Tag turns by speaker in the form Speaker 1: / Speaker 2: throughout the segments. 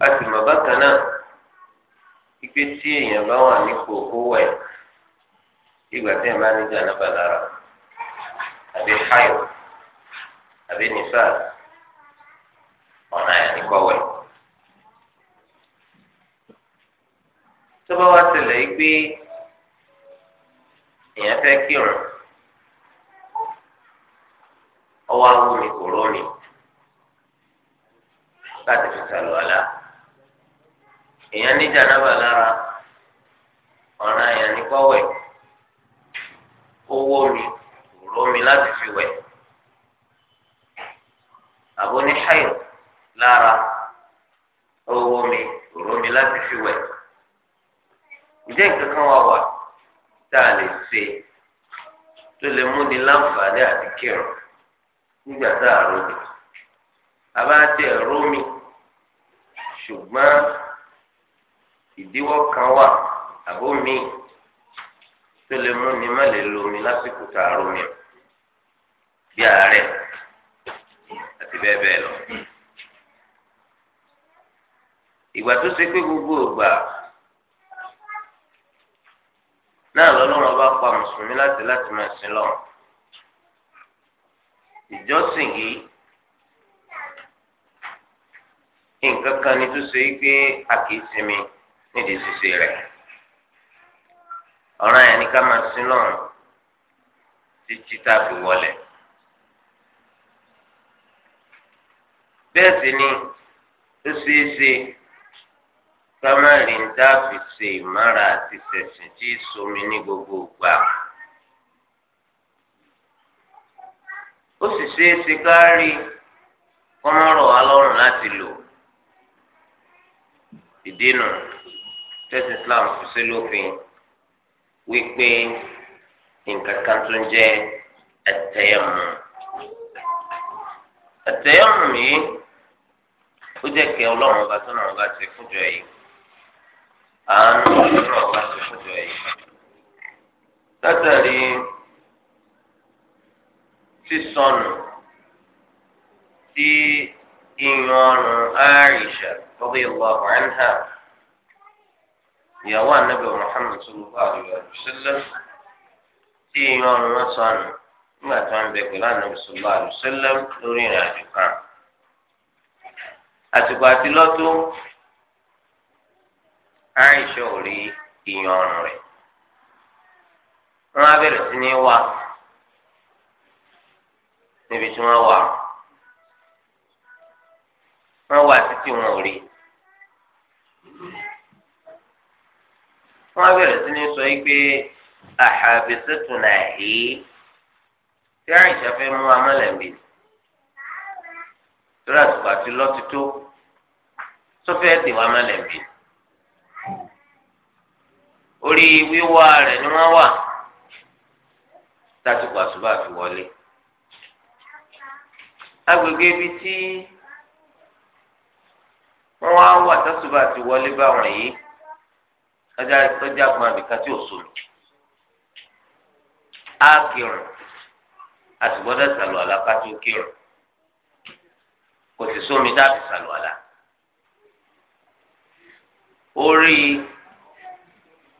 Speaker 1: a sì mọ̀ bákan náà ipe tí èèyàn bá wà nípò owó ẹ̀ ìgbà tí ẹ̀ bá ní jàǹdàbà lára àbí háyọ̀ àbí nìfàs ọ̀nà ẹ̀ ní kọ́wẹ́. tó bá wá tilẹ̀ pé èèyàn fẹ́ kírun ọwọ́ awo mi kò rọrìn láti fi sàlù àlá èèyàn ní jànábà lára ọ̀ràn èèyàn ní kọ́wẹ̀ owó mi kò rómi láti fi wẹ̀ àbó ní ṣáyò lára owó mi kò rómi láti fi wẹ̀ ǹjẹ́ nǹkan kan wà wà tá a lè ṣe tó lè múni láǹfààní àti kírun nígbà tá a romi àbá tẹ romi ṣùgbọ́n ìdíwọ́ kan wà àbó mi tó lè mú ni má lè lo omi lásìkò tá a romi bí àárẹ̀ àti bẹ́ẹ̀ bẹ́ẹ̀ lọ. ìgbà tó ṣe pé gbogbo ìgbà náà lọ́lọ́run ọba pa mùsùlùmí láti láti máa sin lọ́run. ìjọsìn yìí nǹkan kan ni tó ṣe é pé a nídìí ṣíṣe rẹ̀ ọ̀ràn yẹn ni ká máa sin lọ́rùn títí tá a fi wọlé. bẹ́ẹ̀ sì ni ó ṣeé ṣe gbogbo ìgbà. o sì ṣeé ṣe ká rí kọ́mọ́rọ̀ wa láti lò ìdínà tẹ́sí Islam fi sí lófin wípé nǹkan kan tó ń jẹ́ ẹ̀tẹ́yẹ̀mù ẹ̀tẹ́yẹ̀mù yìí ó jẹ́ kẹ́ ọlọ́run ọba tó ti fúnjọ yìí àánú sísọnù sí ìyàn ọrùn Aisha radiyallahu anha ìyàwó anabi Muhammad sallallahu alaihi wasallam tí ìyàn wọn sọnù nígbà tí wọn bẹ pẹ̀lú anabi sallallahu alaihi wasallam lórí ìrìn kan àtùkọ àti lọ́tọ̀ Aisha ò rí ìyàn níbi tí wọ́n wà wọ́n wà títí wọn ò rí wọ́n bẹ̀rẹ̀ sí ní sọ yìí pé àhàbẹsẹtùnà yìí tí àìsà fẹ́ mú amálẹ̀mí torí àtùpà ti lọ tó tó dè wá amálẹ̀mí orí wíwá rẹ̀ ni wọ́n wà tátùpà ṣùgbọ́n àfi wọlé agbègbè ibi tí wọ́n wá wà tásùbà ti wọlé bá wọn yìí ọjà ìtọ́jà gbọ́n àbíká tí ò sòlù á kírun a sì gbọ́dọ̀ sàlù àlàkà tó kírun kò sì sómi dábì sàlù àlà orí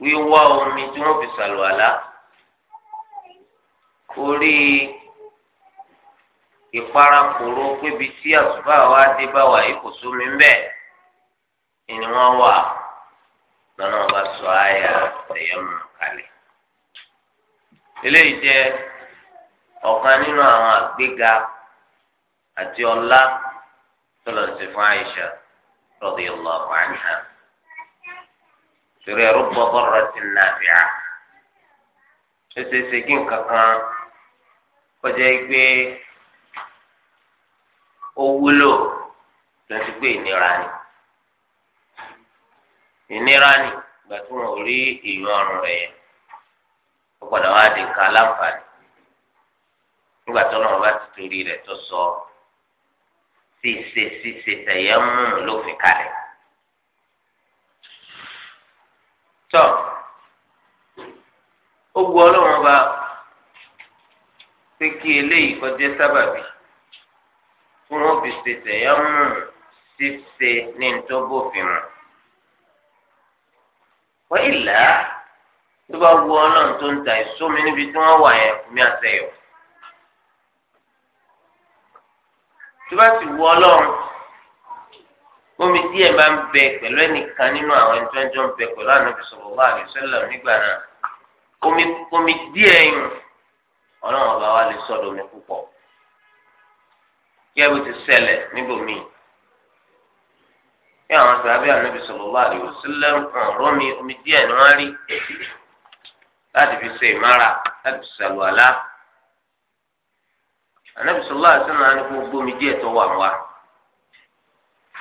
Speaker 1: wíwá omi tí wọ́n fi sàlù àlà orí ìparakòrò pébi tí àtúbà wa dé bá wà yìí kò sómi ń bẹ ni wọn wà lọ́nà ọba sọ àyà ẹ̀yẹ́mù kalẹ̀. eléyìí jẹ́ ọ̀kan nínú àwọn àgbéga àti ọlá tọ́lọ̀ sí fún Aisha radiyallahu anha. sori rubba darratin nafi'a. ó ṣeé ṣe kí nǹkan kan kọjá pé ó wúlò lọsí pé ìnira ni ìnira ni ìgbà tí wọn ò rí ìyún ọrùn rẹ yẹn ó padà wá di nǹkan aláǹfààní nígbà tó lọ́wọ́ bá ti torí rẹ̀ tó sọ ṣíṣe ṣíṣe tẹ̀yẹ́ mú lófin kalẹ̀. tọ́ ó wu ọlọ́run bá pé kí eléyìí kọjá sábàbí tí wọ́n fi ṣe tẹ̀yọ́mù ṣíṣe ní ntọ́bọ̀fin mu. wọ́n ìlà tó bá wú ọlọ́run tó ń ta ìsómi níbi tí wọ́n wà yẹn fún mi àtẹ̀yọ̀. tó bá sì wú ọlọ́run omi díẹ̀ máa ń bẹ pẹ̀lú ẹnìkan nínú àwọn ẹni tó ń jọ ń bẹ pẹ̀lú ànábì sallallahu alaihi wasallam nígbà náà omi díẹ̀ yìí ọlọ́run ọba wa lè sọ̀dọ̀ omi púpọ̀. kí ti sẹlẹ̀ níbòmí kí àwọn sàbẹ ànábì sallallahu alaihi wasallam rọmi omi díẹ̀ ni wọn rí láti fi ṣe ìmára láti fi ṣàlùwàlá ànábì sallallahu alaihi wasallam ní kó gbómi díẹ̀ tó wà wá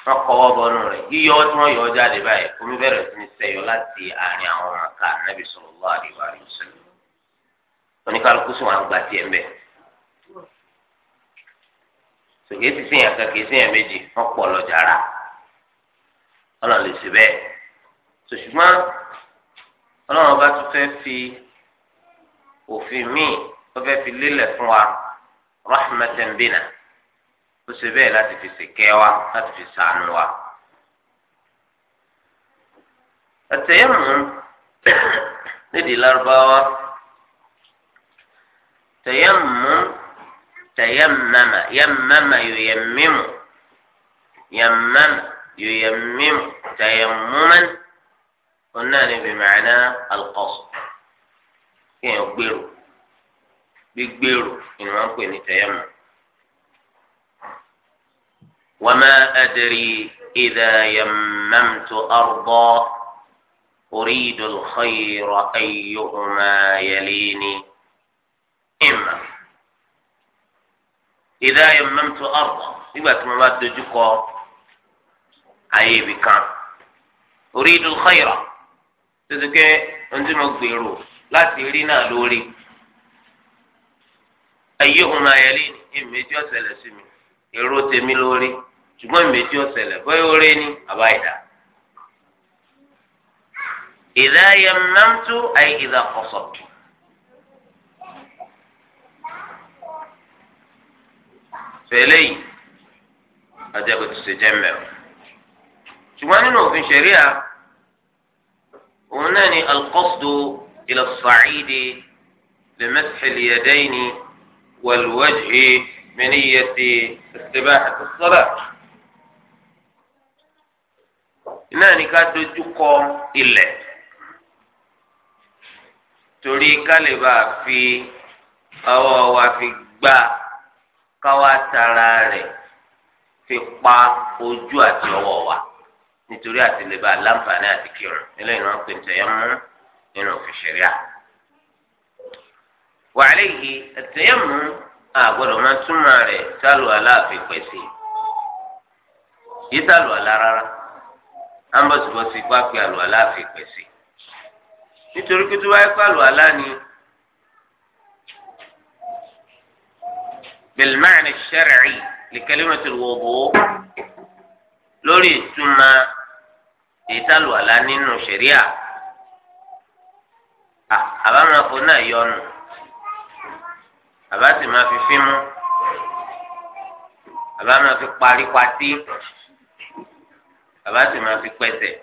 Speaker 1: wọn kọwọ bọnú rẹ̀ yíyọ tí wọn yọ jáde báyìí omi bẹ̀rẹ̀ sí láti àárín àwọn ọmọ ká sì tiẹ̀ sèké ti sèyàn kan kìí sèyàn méjì wọn pọ̀ lọ́jà rà Ọlọ́run lè ṣe bẹ́ẹ̀ ṣùgbọ́n Ọlọ́run bá tún fẹ́ẹ́ fi òfin míì tó fẹ́ẹ́ fi lélẹ̀ fún wa rahmatan bina ó ṣe bẹ́ẹ̀ láti fi ṣèkẹ́ wa láti fi ṣàánú wa. àtẹ̀yẹ̀mù nídìí lárúbáwá tẹ̀yẹ̀mù. تيمم يمم ييمم يمم ييمم تيمما قلنا له بمعنى القصد كان يكبره بيكبره إن ما كان يتيمم وما أدري إذا يممت أرضا أريد الخير أيهما يليني ìdá yammamtu arda nígbà tí mo bá dojú kọ ayé ibì kan uridu khayra títí pé ohun tí mo gbèrò láti rí náà lórí ayyuhuma yalini ìmẹjọ ṣẹlẹ̀ sí mi èrò tèmi lórí ṣùgbọ́n ìmẹjọ ṣẹlẹ̀ bóyá orí ni àbá ìdá ìdá yammamtu ay ìdá qasabtu. fẹlẹ́ yìí ọjọ́ bó ti ṣe jẹ́ mẹ́rin ṣùgbọ́n nínú òfin ṣẹ̀ríà òun náà ni alqasdu ila as-sa'idi li mashi al-yadayni wal-wajhi bi niyyati istibahati as-salat náà ni ká dojú kọ ilẹ̀ torí ká lè bá a fi ọwọ́ wa fi gbá káwá tara rẹ̀ fi pa ojú àti ọwọ́ wa nítorí àti lè ba láǹfààní àti kírun eléyìí náà pè tẹ̀yẹ́ mú nínú òfin ṣẹ̀ríà. wàhálà yìí ẹ̀tẹ̀yẹ́ mú àgbọ̀dọ̀ máa túmọ̀ rẹ̀ sálù aláàfin pẹ̀sì yìí sálù alá rárá ambọ̀sibọ̀sì pápẹ́ àlù aláàfin pẹ̀sì nítorí pé tó bá yẹ kó àlù alá ni. بالمعنى الشرعي لكلمة الوضوء lórí ìtumọ̀ ìtàlùwàlá nínú ṣẹ̀ríà àbámafo náà yọnu àbá sì máa fi fímú àbá máa fi parí patí àbá sì máa fi pẹsẹ̀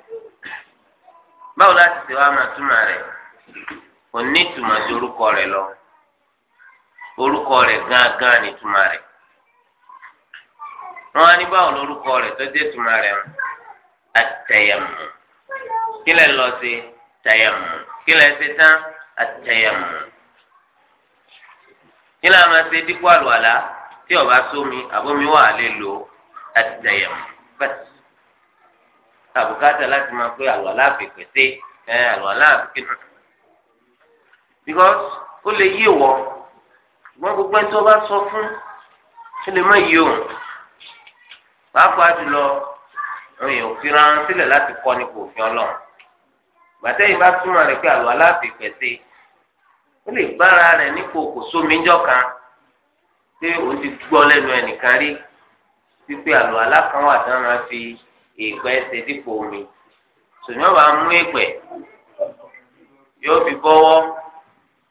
Speaker 1: báwo láti ṣe wá máa túmọ̀ rẹ̀ kò ní ìtumọ̀ sí orúkọ rẹ̀ lọ orúkọ rẹ̀ gángan ní ìtumọ̀ rẹ̀ wọn á ní báwọn lórúkọ rẹ̀ tó dé ìtumọ̀ rẹ̀ wọn àtẹyẹmù kílẹ̀ lọ sí tẹyẹmù kílẹ̀ ṣe tán àtẹyẹmù kílẹ̀ máa ṣe dípò àlùwàlá tí ó bá sómi àbómi wà á lè lò àtẹyẹmù bẹ́ẹ̀ àbùkátà láti máa pé àlùwàlá àfẹ̀pẹ̀sẹ̀ ẹ̀ àlùwàlá àfẹ̀kẹ́ because ó lè yí ìwọ ṣùgbọ́n gbogbo ẹni tó bá sọ fún ṣe lè má yí òun pàápàá jùlọ àwọn èèyàn fi ran sílẹ̀ láti kọ́ nípa òfin ọlọ́run gbàtẹ́yìn bá túmọ̀ rẹ̀ pé àlọ́ aláàfin pẹ̀sẹ̀ ó lè bára rẹ̀ nípò kò sómijọ́ kan pé òun ti gbọ́ lẹ́nu ẹnìkan rí wípé àlọ́ alákan tí wọ́n máa fi èèpẹ̀ ṣe dípò omi sòmíọ́ bá mú èèpẹ̀ yóò fi bọ́wọ́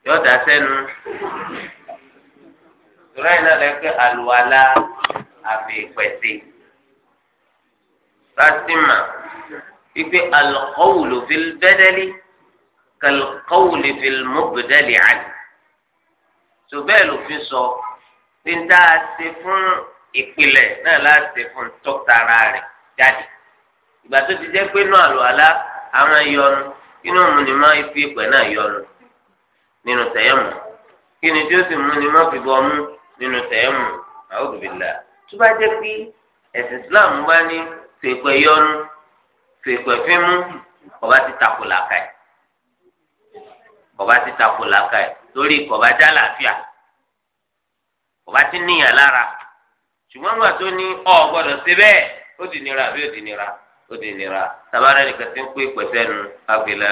Speaker 1: yóò dá sẹ́nu ìtura yìí náà lẹ́gbẹ́ àlùwalá àfẹ́fẹ́sẹ̀ lásìmà wípé alqawlu fil badali kalqawli fil mubdali àlè tó bẹ́ẹ̀ lòfin sọ pé ń dá a ṣe fún ìpìlẹ̀ náà láti fún tọ́tara rẹ̀ jáde ìgbà tó ti jẹ́ pé náà àlùwalá àwọn yọnu inú mu ni máa fi ìpẹ́ náà yọnu nínú tẹ̀yẹ̀mù kí ni tí ó sì mú ni má fi bọ́ mú nínú tẹ̀yẹ́mù àwòdùbìlà tó bá jẹ́ pé ẹ̀sìn Islam bá ní fèpè yọnu fèpè fímú ọba ti takò làkàì ọba ti takò làkàì torí kọba já làáfíà ọba ti níyàn lára ṣùgbọ́n nígbà tó ní ọ gbọ́dọ̀ ṣe bẹ́ẹ̀ ó di nira àbí ó di nira ó di nira tabarẹ́ nìkan ti ń pè pẹ̀sẹ́ nu àgbélà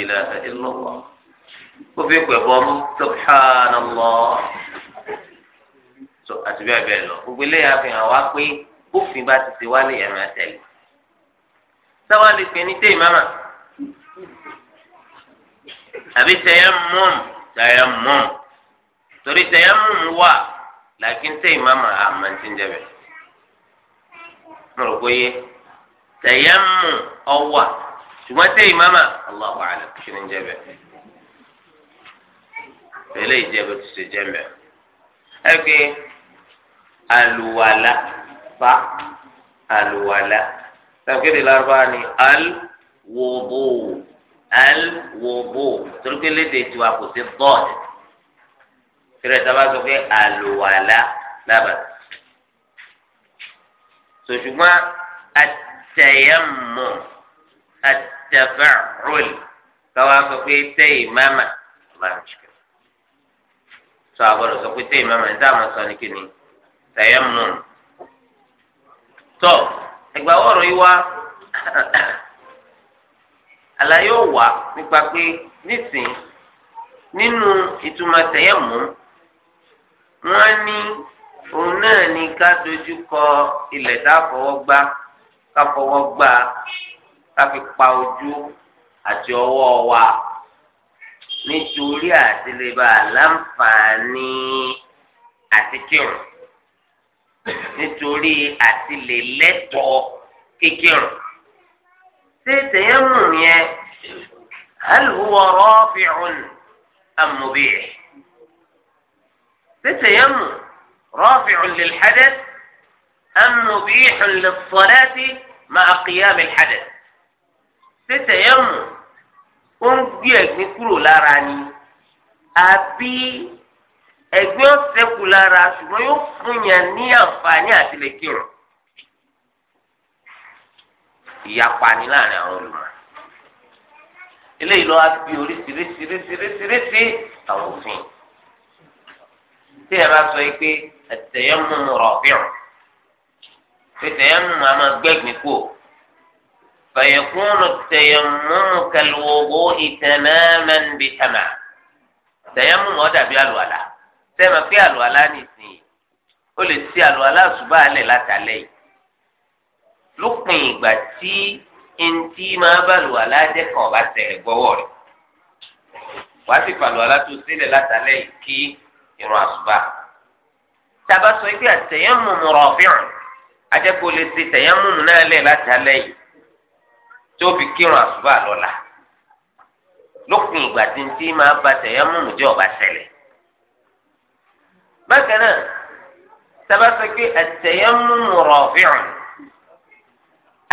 Speaker 1: ìlà ìlọ́wọ́ ó fi pẹ̀ bọ́ mú subhanallah. so àti bẹ́ẹ̀ bẹ́ẹ̀ lọ gbogbo eléyà fi hàn wá pé bófin bá ti ṣe wálé ẹ̀rọ àtẹ̀lẹ̀ sáwá lè pè ní tẹ́ ìmáàmà àbí tẹ̀yẹ́ mọ́m tẹ̀yẹ́ mọ́m torí tẹ̀yẹ́ mọ́m wà làkín tẹ́ ìmáàmà àmọ́ ti ń dẹ̀bẹ̀ mo tẹ̀yẹ́ mọ́ ọwà ṣùgbọ́n tẹ́ ìmáàmà Allahu kí ni aluwala fa aluwala sàkéde larubá ni alwobo alwobo torípé léde tiwa kò sí bọ́ọ̀dì tẹ̀rẹ̀ tá a bá sọ pé aluwala lába sòṣùgbọ́n atẹ̀yẹ̀mọ̀ atẹ̀fẹ̀rọ̀lì káwá sọ pé tẹ̀yẹ̀ mama máa ń ṣe sọ àgbọ̀dọ̀ sọ pé tẹ̀yẹ̀ mama ní táwọn sọ ní kíni tayammum tọ ẹgbà ọ̀rọ̀ yìí wá àlàyé ò wá nípa pé nísìn nínú ìtumọ̀ tayammum wọ́n ní òun náà ní ká dojú kọ ilẹ̀ tá a fọwọ́ gbá ká fọwọ́ gbá ká fi pa ojú àti ọwọ́ wa nítorí àti láǹfààní àti kírun. nítorí àtìlélẹ́tọ̀ọ́ kékeré ṣé tẹ̀yẹ́mù yẹn alùwọ̀ rọ́ọ̀fìrún ẹ̀ ṣé tẹ̀yẹ́mù rọ́ọ̀fìrún lèlḥadẹ́t amòbíyẹ̀hún lèfọ́láti máa qiyam lèḥadẹ́t ṣé tẹ̀yẹ́mù ó ń gbé ẹ̀gbin kúrò lára ni àbí. ẹgbẹ́ ọ̀sẹ̀kù lára ṣùgbọ́n yóò fún yàn ní àǹfààní àti lè kírun. ìyapa ni láàrin àwọn olùmọ̀ eléyìí lọ́wọ́ á fi oríṣiríṣiríṣiríṣi àwọn òfin tí ẹ bá sọ yìí pé ẹ̀tẹ̀yẹ́mú rọ̀bìrún ẹ̀tẹ̀yẹ́mú àmọ́ gbẹ́gbẹ́ kú fẹ̀yẹ̀kúnnù tẹ̀yẹ̀mú kẹlẹ́wọ̀wọ́ ìtẹ̀mẹ́mẹ́n tẹ̀mẹ́ tẹ̀yẹ́mú ọ̀ àlùwàlà sẹ́mi pé àlùwàlá nìsín ó lè ti àlùwàlá àṣùbà alẹ̀ látàlẹ́ yìí lópin ìgbà tí ntí máa bá àlùwàlá jẹ́ kàn bá tẹ̀ gbọ́wọ́ rẹ̀ wàá sì fàlùwàlá tó sílẹ̀ látàlẹ́ yìí kí ìrun àṣùbà tàbá sọ pé àtẹ̀yẹ́mùmù rọ̀fíàn ajẹ́kọ̀ọ́ lè ti tẹ̀yẹ́mùmù náà lẹ̀ látàlẹ́ yìí tó fi kírun àṣùbà lọ́la lópin ìgbà tí ntí máa bá tẹ̀yẹ́mùmù jẹ́ ọ̀bà ṣẹlẹ̀ bákan náà sábàtà pé àtẹ̀yẹ́mùmù rọ̀fíùn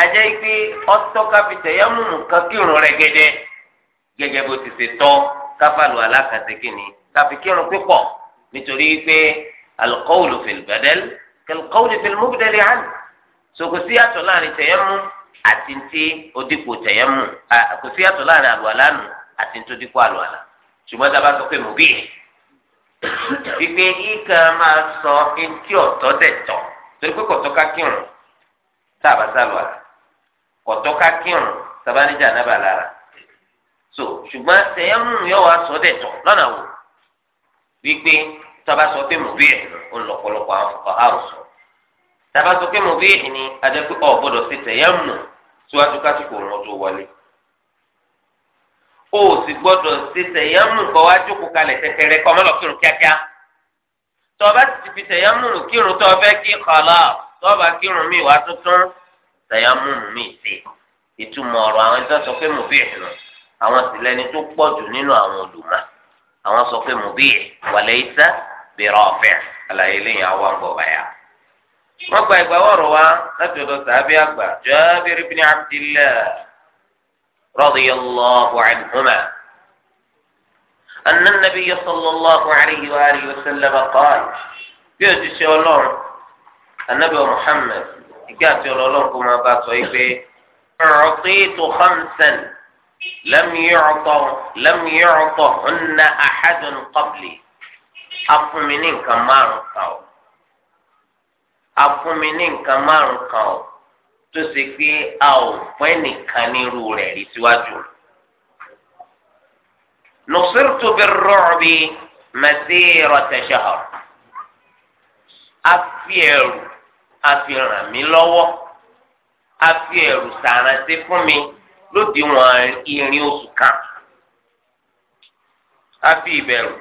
Speaker 1: ajẹ́ pé ọtọ́ káfí tẹ̀yẹ́mùmù kan kírun rẹ̀ gẹ́gẹ́ gẹ́gẹ́ bó ti ṣe tọ́ káfàlù alákàtẹ́kìnì káfí kírun pípọ̀ nítorí pé alukọ́wùlù fìlbẹ́dẹ́l kẹlùkọ́wùlù fìlmùbẹ́dẹ́lì hàn sokosi yàtọ̀ láàrin tẹ̀yẹ́mù àti ntí odikpo tẹ̀yẹ́mù kò sí yàtọ̀ láàrin àlùalá nù àti ntí odikpo àlùalá ṣùgbọ́n wípé ìkan máa sọ etí ọ̀tọ̀ dẹ̀ torí pé kọ̀tọ́ ká kọ̀tọ́ lára so ṣùgbọ́n tẹ̀yẹ́mù yóò wá sọ dẹ̀ lọ́nà wò wípé sọ pé mo bí ẹ̀ ń lọ̀pọ̀lọpọ̀ àwọn fọkàn sọ pé mo bí ẹ̀ ní ọ̀ gbọ́dọ̀ síwájú kásìkò kó o sì gbọ́dọ̀ ṣe tẹ̀yámù kọ́ wá jókòó kalẹ̀ tẹ̀tẹ̀rẹ̀ kọ́ mọ́lọ̀ kírun kíákíá tó bá ti fi tẹ̀yámù kírun tó fẹ́ kí kọ́lá tó bá kírun mi wá tuntun tẹ̀yámù mi ṣe ìtumọ̀ ọ̀rọ̀ àwọn ẹni tó sọ pé mubih nù àwọn sì lẹni tó pọ̀ jù nínú àwọn olùmọ̀ àwọn sọ pé mubih wa laysa bi rafi' àlàyé lẹ́yìn àwọn àgbọ̀ رضي الله عنهما أن النبي صلى الله عليه وآله وسلم قال بيوت الله النبي محمد إجابة الله كما باتوا أعطيت خمسا لم يعطى لم يعطهن أحد قبلي أفمنين كمان قاو أفمنين كمان قاو tó ṣe pé a ò fẹ́ nìkan nírú rẹ̀ rí síwájú. nusirtu bir-ru'bi masirata shahr a fi ẹ̀rù a fi ràn mí lọ́wọ́ a fi ẹ̀rù sàrántí fún mi lódiwọ̀n irin oṣù kan a fi ìbẹ̀rù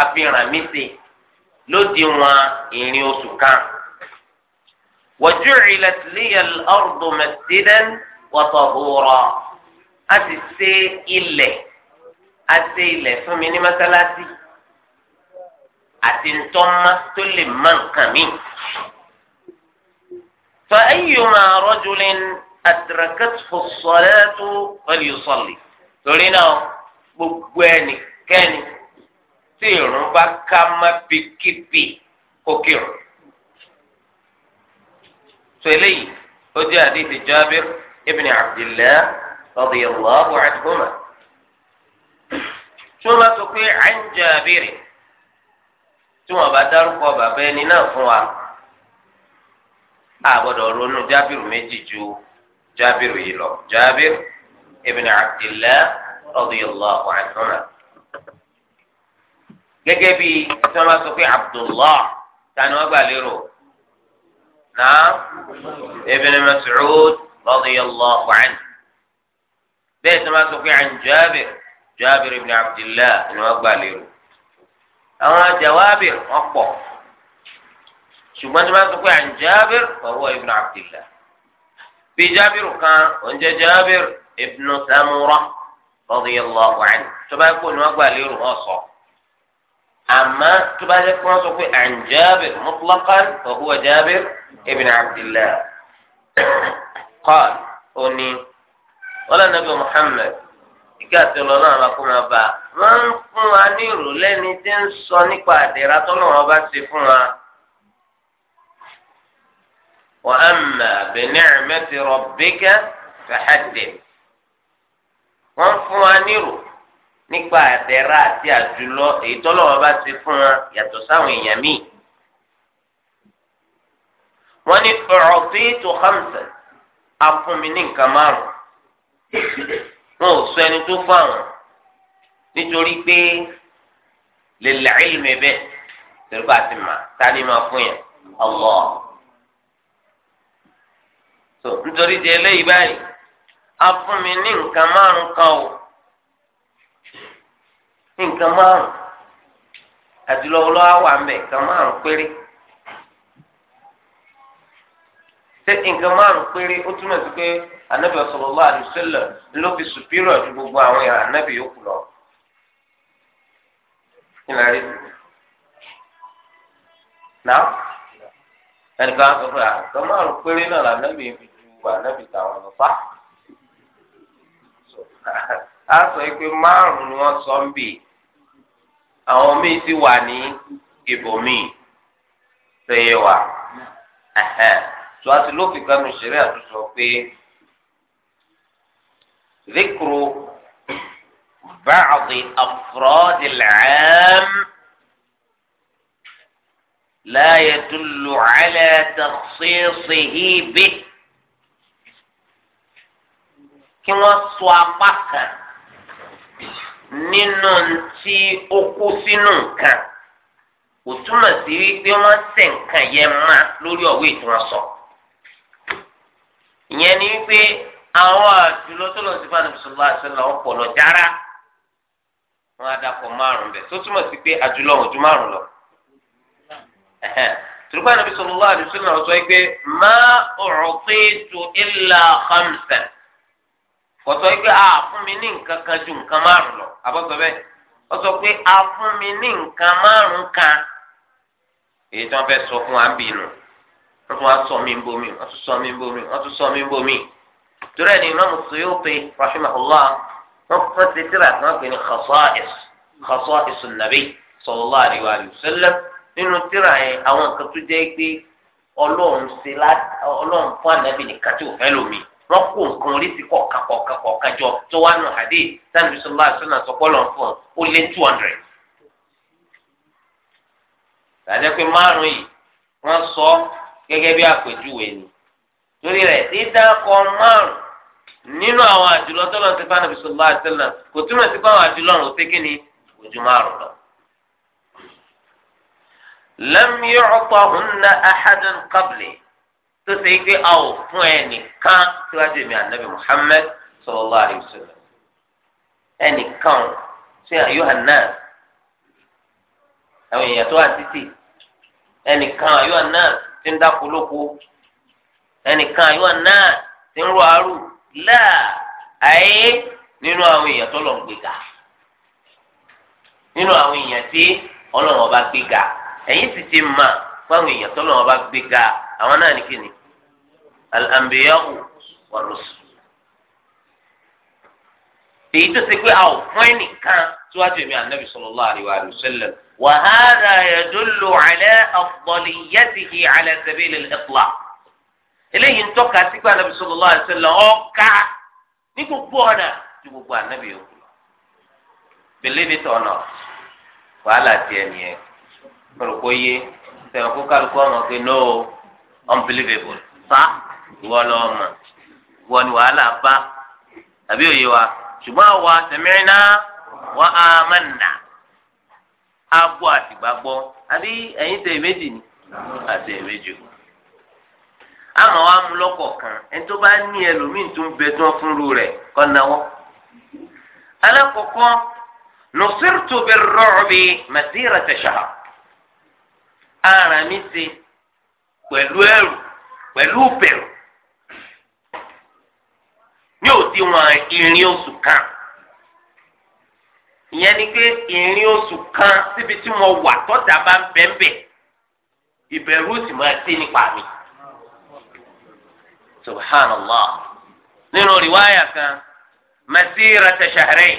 Speaker 1: a fi ràn mí sí lódiwọ̀n irin oṣù kan. وجعلت لي الأرض مسجدا وطهورا أتي سي إلي أتي إلي فمن مثلا أتي انتم تل من قمي فأيما رجل أدركته الصلاة فليصلي تقولين gbogbo كاني سيرو ìrun bá ká má so eléyìí ó jẹ́ àdìsí Jabir ibn Abdillah radiyallahu anhuma tí wọ́n bá sọ pé an Jabir tí wọ́n bá dárúkọ bàbá ẹni náà fún wa a gbọ́dọ̀ ronú Jabir méjì ju Jabir yìí lọ Jabir ibn Abdillah radiyallahu anhuma gẹ́gẹ́ bí tí wọ́n bá sọ pé Abdullah tani wọ́n gbà lérò. نعم ابن مسعود رضي الله عنه بيت ما سقي عن جابر جابر بن عبد الله انه اقبالير اما جوابر اقوى شو ما سقي عن جابر فهو ابن عبد الله في جابر كان وانجا جابر ابن سموره رضي الله عنه شو يكون اقبالير اصغر أما تبقى يكون عن جابر مطلقا فهو جابر ابن عبد الله قال أني ولا نبي محمد ìkàtí ọlọ́run la kó máa bá a wọ́n ń fún wa ní ìrọ̀lẹ́ tí ń sọ nípa àdéhà ọba ṣe fún wa. wọ́n ń fún wa ní nípa àdéhà àti àjùlọ èyí ṣe fún wa yàtọ̀ wọ́n ní ọ̀rọ̀tí tó hamsa afúnmi ní nǹkan márùn wọn ò sọ ẹni tó fáwọn nítorí pé lèlè ìlmi bẹ́ẹ̀ tẹ̀lifà àti mà tani máa fún yẹn so nítorí di eléyìí báyìí afúnmi ní o nǹkan márùn àdìlọ́wọ́lọ́wọ́ nǹkan ṣé nǹkan márùn péré ó túmọ̀ sí pé anabi sallallahu alaihi wasallam ló fi superior ju gbogbo àwọn èèyàn anabi yòókù lọ. sọ pé márùn péré náà fi ju lọ fà. a sọ pé márùn ni wọ́n sọ ń bì àwọn míín ti wà ní ibòmíì ṣe é tó a ti lófin kanu ṣẹlẹ̀ àtúntò pé zikuru báàdì afurọ́dì lẹ́ẹ̀m láyé dùlù alẹ́ tàxíṣìhì bí kí wọ́n sọ apá kan nínú tí ó kó sínú nǹkan kò túmọ̀ sí wípé wọ́n ṣe nǹkan yẹn má lórí ọ̀wé tí wọ́n sọ. So. ìyẹn ni wípé àwọn àjùlọ tó lọ sí fún àdàbí àṣẹlá ọpọlọ jára wọn adakọ márùn bẹ tó túmọ̀ sí pé àjùlọ wọn ju márùn lọ a ju lọ àbọ̀sọ̀ kan tí wọ́n fẹ́ sọ fún wa wọ́n tún wá sọ mí bomi wọ́n tún sọ mí bomi wọ́n tún sọ mí bomi torí ẹni Imam Suyuti rahimahullah wọ́n fẹ́ ṣe tíra tí wọ́n pè ní khasa'is khasa'isun nabi sallallahu alaihi wa sallam nínú tíra yẹn àwọn nǹkan tó jẹ́ pé ọlọ́run ṣe ọlọ́run fún ànábì nìkan tí ò fẹ́ lómi wọ́n kó nǹkan oríṣi kọ̀ọ̀kan kọ̀ọ̀kan kọ̀ọ̀kan jọ tó wà nù hadith sanni sallallahu alaihi wa sallam sọpọ́lọ̀ fún ọ ó lé two hundred tàdé pé márùn yìí wọ́n sọ gẹ́gẹ́ bí àpèjúwe ni torí rẹ̀ dídákọ márùn nínú àwọn àjùlọ tọ́lọ̀ ti bá nàbì sọ̀rọ̀ àtẹlẹ̀ kò túmọ̀ sí pé àwọn àjùlọ ọ̀rùn ṣé kí ni ojú márùn lọ. lẹ́mí ọ̀pọ̀ ńlá ahadun qabli tó ṣe é pé a ò fún ẹ nìkan síwájú èmi ànábì Muhammad sallallahu alaihi wasallam ẹnìkan ṣe àyọ̀hánà àwọn èèyàn tó wà títì ẹnìkan àyọ̀hánà tí ń dáko lóko ẹnìkan àyọ̀ náà tí ń rọ àrù láà àyè nínú àwọn èèyàn tó lọ ń gbéga nínú àwọn èèyàn tí ọlọ́run ọba gbéga ẹ̀yìn sì ti mà fáwọn èèyàn tó lọ́wọ́ bá gbéga àwọn náà ní kíni al-anbiya'u èyí tó ṣe pé a ò fún ẹnìkan síwájú èmi ànábì sallallahu alaihi wa sallam وهذا يدل على أفضليته على سبيل الإطلاق eléyìí ń tọ́ka sígbà nàbì sallallahu alaihi wasallam ọ̀ka ní gbogbo ọ̀nà ju gbogbo ànábì yòókù lọ. bèlébì tọ̀nà wàhálà tiẹ̀ nìyẹn kọ̀rọ̀ kó yé sẹ̀wọ̀n kó kálukú ọmọ pé no unbelievable fa ìwọ lọ ọmọ ìwọ ni wàhálà bá àbí òye wa ṣùgbọ́n àwa sami'na wa amanna akọ àtìgbà gbọ́ àbí ẹ̀yin tẹ̀ méjì ni àti ẹ̀mẹ́jì o. àmọ́ wa mú lọ́kọ̀ọ̀kan ẹni tó bá ní ẹlòmíì tó ń bẹ tán fúnru rẹ̀ kọ́ náwọ́. alákọ̀ọ́kọ́ nusirtu birru'bi masirata shahr. ara mi ti pẹ̀lú ẹ̀rù pẹ̀lú bẹ̀rù ní òdiwọ̀n ìrìn oṣù kan ìyẹn ni pé ìrìn oṣù kan síbi tí mo wà tọ́jà bá ń bẹ́ńbẹ́ ìbẹ̀rù sì máa sí nípa mi. subhanallah nínú rìwáyà kan masira tashahrain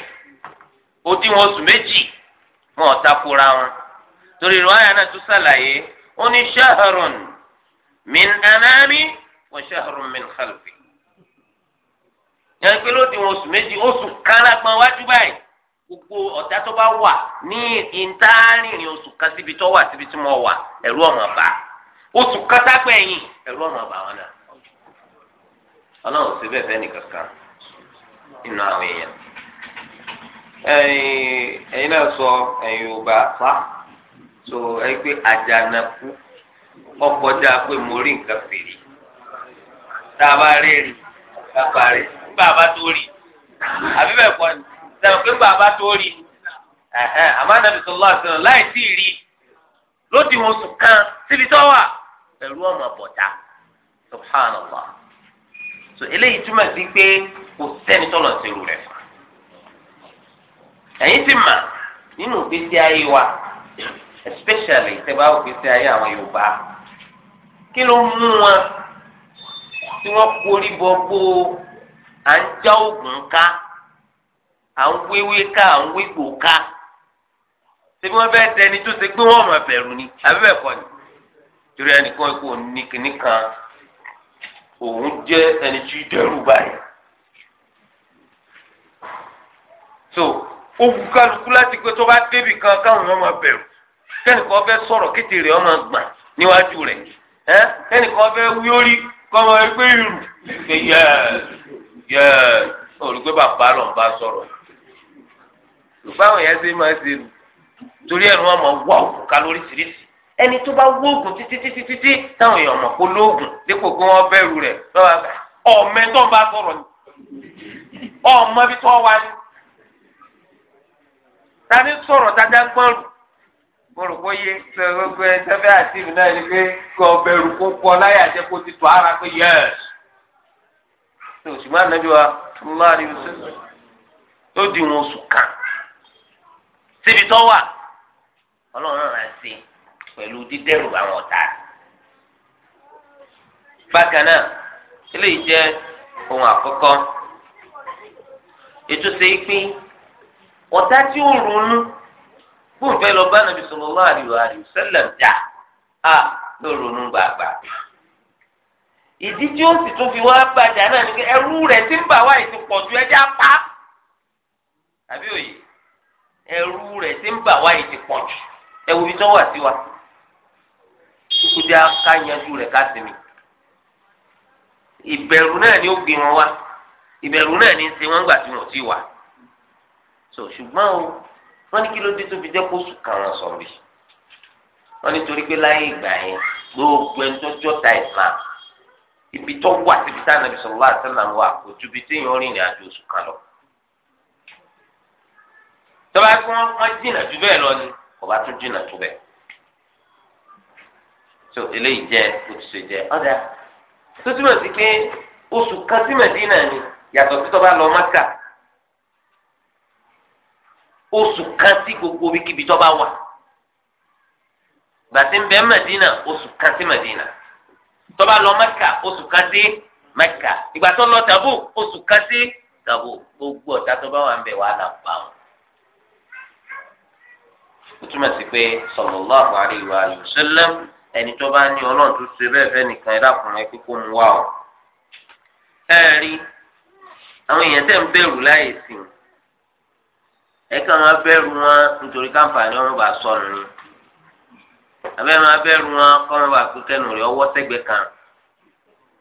Speaker 1: òdiwọ̀n oṣù méjì wọn ò takora wọn torí rìwáyà náà tún ṣàlàyé ó ní shahrun min amami wa shahrun min khalfi. yẹn pé lódiwọ̀n oṣù méjì oṣù kan lágbọ́n wájú báyìí gbogbo ọ̀tá tó bá wà ní ìntárìnrìn oṣù kan síbi tó wà síbi tí mo wà ẹ̀rú ọ̀mọ̀ bá oṣù kan sápẹ́ ẹ̀yìn ẹ̀rú ọ̀mọ̀ bá wọn náà ọlọ́run sí bẹ́ẹ̀ fẹ́ẹ́ nìkankan nínú àwọn èèyàn ẹ̀yin náà sọ ẹ̀yin Yorùbá fa so ẹ pé àjànàkú ọkọjá pé mo rí nǹkan fèrè tá a bá rí rí ká parí nígbà bá tó rí àbí bẹ́ẹ̀ kọ́ ni sẹ́wọ̀n pé bàbá tó rí àmọ́ ànábì sallallahu alaihi wasallam láì sí rí lódì wọn sùn kan síbi tó wà ẹ̀rú ọmọ bọ̀dá subhanallah so eléyìí túmọ̀ sí pé kò sẹ́ni tọ́lọ̀ sí irú rẹ̀ fún ẹ̀yin ti mà nínú ìgbésí ayé wa especially ìtẹ̀bá ìgbésí ayé àwọn Yorùbá
Speaker 2: kí ló mú wọn tí
Speaker 1: wọ́n kórìí bọ́ bó à ń já oògùn ká à ń wéwé ká à ń wégbò ká ṣé bí
Speaker 3: wọ́n fẹ́ dẹni tó
Speaker 1: ṣe pé wọ́n mọ̀ bẹ̀rù ni àbí bẹ́ẹ̀ kọ́ ni torí ẹnìkan kò ní kíní kan òun jẹ́ ẹni tí dẹ́rù báyìí.
Speaker 4: so
Speaker 3: òkú kálukú láti pé tó bá débì kan káwọn
Speaker 1: ọmọ bẹ̀rù kẹ́nìkan fẹ́ sọ̀rọ̀ kété rẹ̀ ọmọ gbà níwájú rẹ̀ kẹ́nìkan
Speaker 3: fẹ́ wí orí kọ́mọ ẹgbẹ́ ìrù
Speaker 1: ṣe yẹ ẹ olùgbé bàbá lọ́nba sọ̀rọ̀ báwọn yẹn ṣe máa ṣe rù torí ẹ̀rù wọn mọ̀ wá òkú ká lóríṣiríṣi ẹni tó bá wóògùn títí títí títí táwọn èèyàn mọ̀ kó lóògùn dípò kí wọ́n bẹ̀rù rẹ̀ lọ́wọ́ ọ̀mẹ tó ń bá sọ̀rọ̀ ni ọmọ bí tó wá ní. tani sọ̀rọ̀ tájá ń gbọ́n rù mo rò pé yé sọ gbogbo ẹ tẹ́fẹ́ àti ìlú náà ni pé
Speaker 4: kí ọbẹ̀ rù kó
Speaker 1: pọ̀ láyà jẹ́ kó ti tọ́ ara pé yẹ́s. ṣùgbọ́n ànájọ́ síbi tó wà ọlọ́run náà máa ṣe pẹ̀lú dídẹ́rù àwọn ọ̀tá. bákan náà eléyìí jẹ́ ohun àkọ́kọ́ ètò ṣe é pín ọ̀tá tí ó ronú fún ìfẹ́ lọ bá nàbì sallallahu alaihi wasallam jà á ló ronú gbàgbà. ìdí tí ó sì tún fi wá bàjá náà ni ẹrú rẹ̀ ti ń bà wá ìsìnkú ọ̀dù ẹja pa àbí òye ẹrú rẹ̀ tí ń bà wá yìí ti pọ̀ jù ẹ̀wù mi tọ́wọ́ àti wa kúkú jẹ́ ká yanjú rẹ̀ ká sinmi ìbẹ̀rù náà ni ó gbé wọn wá ìbẹ̀rù náà ni ń ṣe wọ́n gbà tí wọ́n ti wà so ṣùgbọ́n o wọ́n ní kí ló dé tó fi jẹ́ kó sùn kàn wọ́n sọ̀rọ̀ yìí wọ́n ní torí pé láyé ìgbà yẹn gbogbo ẹni tó jọ́ta ìsàn ibi tó wà síbi tá ànábì sallallahu alaihi wasallam àkójú ibi téèyàn rìnrìn àjò oṣù kan lọ tọ́ba pé wọ́n jìnnà jù bẹ́ẹ̀ lọ ni kò bá tún jìnnà jù bẹ́ẹ̀ tó eléyìí jẹ́ òtútù jẹ́ ọ̀dà tó túmọ̀ sí pé oṣù kan sí mẹ̀dínà ni yàtọ̀ sí tọ́ba lọ mọ́kà oṣù kan sí gbogbo ibikíbi tọ́ba wà gbàtí ń bẹ mẹdínà oṣù kan sí mẹdínà tó bá lọ mẹka oṣù kan sí mẹka ìgbà tó lọ tàbú oṣù kan sí tàbú gbogbo ọ̀tá tó wà ń bẹ wàhálà bá wọn. túmọ̀ sí pe sallallahu alaihi wa sallam ẹni bá ní ọlọ́run tó ṣe bẹ́ẹ̀ fẹ́ nìkan ẹ̀dá fún ẹ pé wá o. ẹ àwọn èèyàn tẹ̀ ń bẹ̀rù sí i ẹ kàn máa bẹ̀rù wọn nítorí ni máa bẹ̀rù wọn kọ́ wọn bá pé kẹ́nu rẹ̀ ọwọ́ kan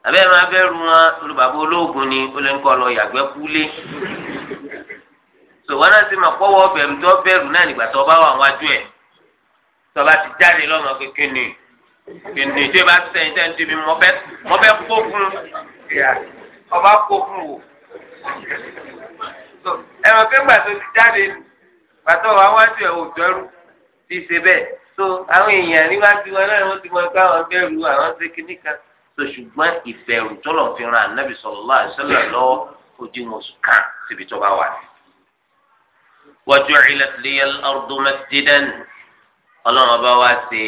Speaker 1: àbẹ́ máa bẹ̀rù wọn olùbàbọ̀ olóògùn ni ó sọ̀wọ́n náà sì máa kọ́wọ́ bẹ̀rù tó bẹ̀rù náà nígbà tó bá wà wájú ẹ̀ tó bá ti jáde lọ́nà kékeré kìnìún ìjọba bá ti sẹ́yìn sẹ́yìn tóbi mọ́
Speaker 3: bẹ́ kó fún ọba kó fún wò ẹ̀rọ pé gbà ti jáde pàtó wà wájú ẹ̀ òjò ẹrú
Speaker 1: ti ṣe bẹ́ẹ̀ so àwọn èèyàn níwájú wọn náà wọ́n ti mọ ẹgbẹ́ àwọn bẹ̀rù àwọn ṣe kíní kan so ṣùgbọ́n ìbẹ̀rù tó lọ́n fi ran ànábì sallallahu alaihi wasallam lọ́wọ́ ojú wọn sùn síbi tó bá wà ní. وجعلت لي الأرض مسجدا ọlọ́run ọba wa ṣe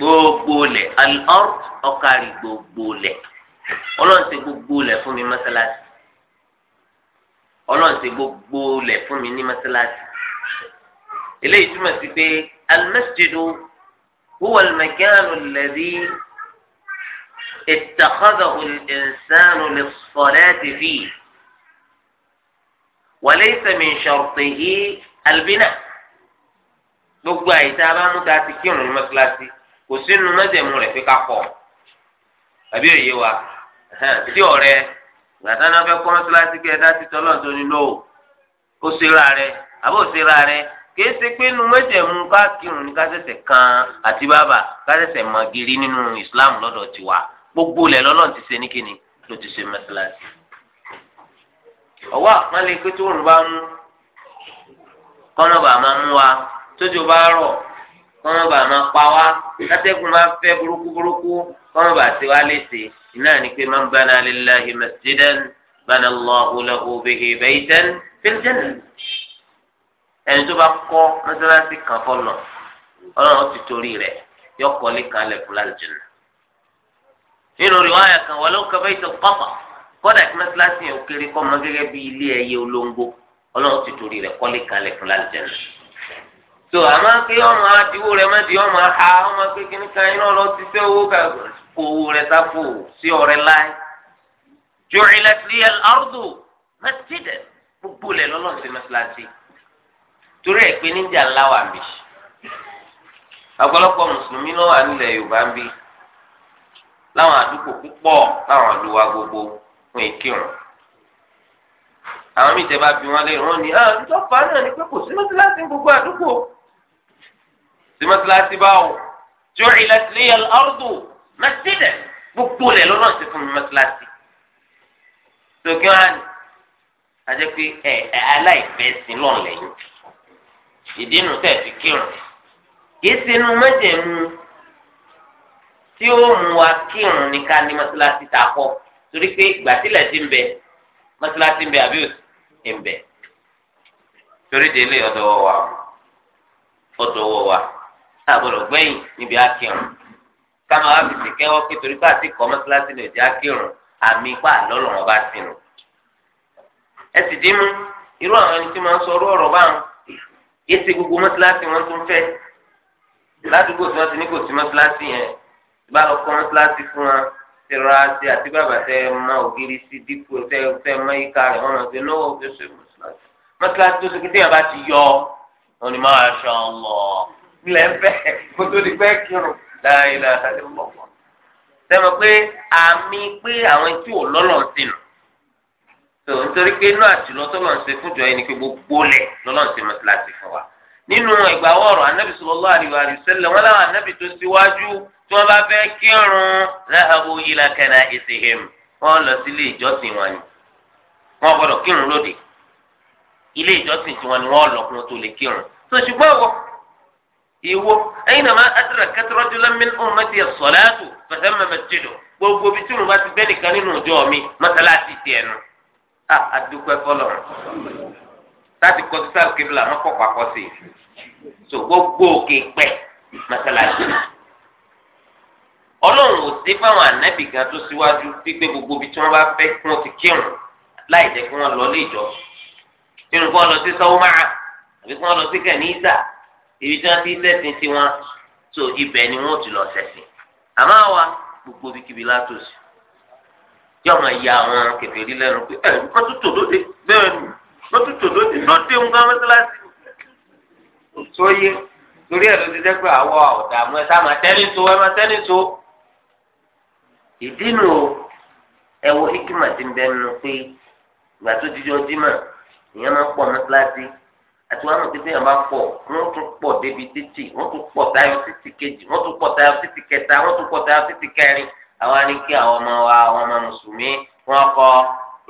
Speaker 1: gbogbo lẹ̀ al-ard ọkàrí gbogbo lẹ̀ ọlọ́run ṣe gbogbo lẹ̀ fún mi mọ́sálásí ọlọ́run ṣe gbogbo lẹ̀ fún mi ní mọ́sálásí eléyìí túmọ̀ sí pé al-masjidu huwa al-makanu alladhi ittakhadahu al-insanu lis-salati fihi. وليس من شرطه البناء gbogbo àyíká bá mú ta ti kírun ní mọ́sálásí kò sínú mọ́tẹ̀mú rẹ̀ fi ká kọ́ àbí òye wa tí ọ̀rẹ́ gbàtà náà fẹ́ kọ́ mọ́sálásí kí ẹ dá sí tọ́lọ́ tó ní lóò ó ṣera rẹ̀ àbí ó ṣera rẹ̀ kìí ṣe pé nu mẹ́tẹ̀ẹ̀mú ká kírun ní ká kan àti bàbà ká ṣẹ̀ṣẹ̀ nínú Islam lọ́dọ̀ tiwa gbogbo lẹ̀ lọ́lọ́run ti ṣe ní kíni ló ti ṣe mọ́sálásí ọwọ́ àpọ́nlé pé tó rò bá mú kọ́nọ́bà máa mú wa tójú bá rọ̀ kọ́nọ́bà máa pa wá látẹ́gùn máa fẹ́ burúkú burúkú kọ́nọ́bà ti wá léṣe iná ni pé man bana lillahi masjidan bana Allahu lahu bihi baytan fil jannah ẹni tó bá kọ́ mọ́sálásí kan fọlọ́ ọlọ́run ti torí rẹ̀ yọkọ̀ọ́lé kan lẹ̀kùn lálẹ́ jẹ̀nà nínú rìwáyà kan walau ka baytil qata kọ́dà kí mẹ́sàlásì yẹn ó kéré kọ́ mọ́ gẹ́gẹ́ bí ilé ẹyẹ olóńgbò ọlọ́run ti torí rẹ̀ kọ́lé kalẹ̀ fún lálùjẹ́nà. tó àmọ́ pé ọmọ àdìwó rẹ̀ mẹ́tì ọmọ ha ọmọ pé kan iná lọ ti fẹ́ owó ká owó rẹ̀ sáfò sí ọ̀rẹ́ láì. ju'ilat liya al-ardu masjidan gbogbo lẹ̀ lọ́lọ́run ti mẹ́sàlásì. torí ẹ̀ pé níjà ńlá wà mí. ọ̀pọ̀lọpọ̀ mùsùlùmí náà wà nílẹ̀ Yorùbá ń bí láwọn àdúgbò wọn èké wọn àwọn míì tẹ bá bí wọn léèrè wọn ni ah níjọ fà á náà ni pé kò sí mọ́tíláṣí gbogbo àdúgbò sí mọ́tíláṣí báwo tí ó ilẹ̀ sílẹ̀ yẹn ọ̀rọ̀dù mẹ́tídẹ̀ gbogbo rẹ̀ lọ́nà ti fún mi mọ́tíláṣí tòkí wọn ni àti pé ẹ ẹ aláìfẹ́ sí lọ́ọ̀lẹ́yìn ìdí inú tẹ̀ fi kírun kìí ṣe inú tí ó mú wa kírun ní ní mọ́tíláṣí ta kọ́ torí pé gbàtílẹ̀ ti ń bẹ mọ́sálásí ń bẹ àbí òsì ń bẹ torí délé ọ̀dọ̀ wa ọ̀dọ̀ wa àgbọ̀dọ̀ gbẹ̀yìn níbi akírun káma wá fi sì kẹ́wọ́ pé torí pàtí kọ́ mọ́sálásí ní òjì akírun àmì pa lọ́lọ́ wọn bá sínú. ẹ sì dín mú irú àwọn ẹni tí wọ́n ń sọ orú ọ̀rọ̀ báwọn yìí ti gbogbo mọ́sálásí wọn tún fẹ́ ládùúgbò tí wọ́n ti ní kò sí mọ́sálásí yẹn ìbá lọ kọ́ mọ́sálásí fún wọn ti ra ti àti bàbà tẹ ma ògiri sí dípò tẹ tẹ ma ika rẹ wọn lọsẹ náà ó fi ṣe mọṣíláṣí mọṣíláṣí tó ṣe kí téèyàn bá ti yọ wọn ni máa ṣọ ọlọ ilẹ̀ ń bẹ̀ kó tó di pẹ́ kírun láàyè láàyè lọ́pọ̀. sẹ́mi pé àmì pé àwọn tí ò lọ́lọ́ ń sìn tó nítorí pé inú àtìlọ́tọ́ lọ́n ṣe fúnjọ ẹni pé gbogbo lẹ̀ lọ́lọ́ ń ṣe mọṣíláṣí fún wa. nínú ìgbàwọ ọ̀rọ̀ anabi sallallahu alaihi wasallam wọn làwọn anabi tó síwájú tí wọn bá fẹ́ kírun lẹhàbó ila kana'isihim wọn lọ sí ilé ìjọsìn wọn ni wọn gbọ́dọ̀ kírun lóde ilé ìjọsìn tiwọn ni wọn lọ kún tó lè kírun ṣùgbọ́n wọ ìwo ẹyin náà máa min ummati as-salatu fẹsẹmọ gbogbo bí tí mo bá ti nìkan nínú ọjọ́ mi ah, a láti kọ́ sísá kébìlà wọn kọ́ pàkọ́ sí i so gbogbo òkè pẹ́ mọ́sálásí ọlọ́run ò sí fáwọn ànábì gan tó síwájú pípé gbogbo ibi tí wọ́n bá fẹ́ kí wọ́n ti kírun láì jẹ́ kí wọ́n lọ lé ìjọ nínú kí wọ́n lọ sí sọ́wọ́ máa àbí kí wọ́n lọ sí kẹ̀níìsà ibi tí wọ́n ti sẹ́sìn tiwọn so ibẹ̀ ni wọ́n ti lọ sẹ́sìn àmọ́ wa gbogbo ibikíbi látòsí yọ̀ọ́ máa ya àwọn kẹfẹ́ rí lẹ́nu pé ẹ̀ nǹkan tó tò lóde lótútù lódì lódì nǹkan mọ́sálásí. sóyè torí ẹ̀ ló ti jẹ́ pé àwọ̀ ọ̀dààmú ẹ̀ sáà máa tẹ́lí tó ẹ̀ máa tẹ́lí tó. ìdínú ẹ wo hikima ti ń bẹnu pé ìgbà tó dijọ́ dímọ̀ ìyẹn máa ń pọ̀ mọ́sálásí àti wọn àmọ̀tí fẹ́yàn bá pọ̀ wọ́n tún pọ̀ débi títì wọ́n tún pọ̀ táyọ̀ títì kejì wọ́n tún pọ̀ táyọ̀ títì kẹta wọ́n tún pọ̀ táyọ̀ títì kẹrin àwọn àníkí àwọn ọmọ wa àwọn ọmọ mùsùlùmí wọ́n kọ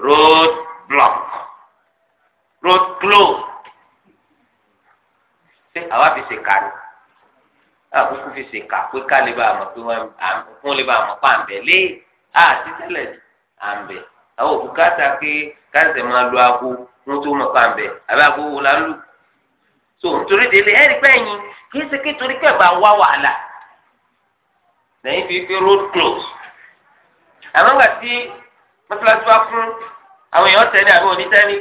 Speaker 1: road block road close ṣé àwa fi ṣe kà ní àkókò fi ṣe kà pé ká lè bá a mọ̀ pé wọ́n fún lè bá a mọ̀ pa àǹbẹ̀ lé àti tẹ́lẹ̀ àǹbẹ̀ àwọn òbúkátà pé káṣẹ̀ máa lo aago wọn tó mọ̀ pa àǹbẹ̀ àbí aago wo la lù tó nítorí délé ẹ̀rí pẹ́yìn kì í ṣe kí torí pẹ́ bá wá wàhálà lẹ́yìn fi pé road close àmọ́ gbà tí mọ́tíláṣí wá fún àwọn èèyàn tẹ́lẹ̀ àbí onítẹ́lẹ̀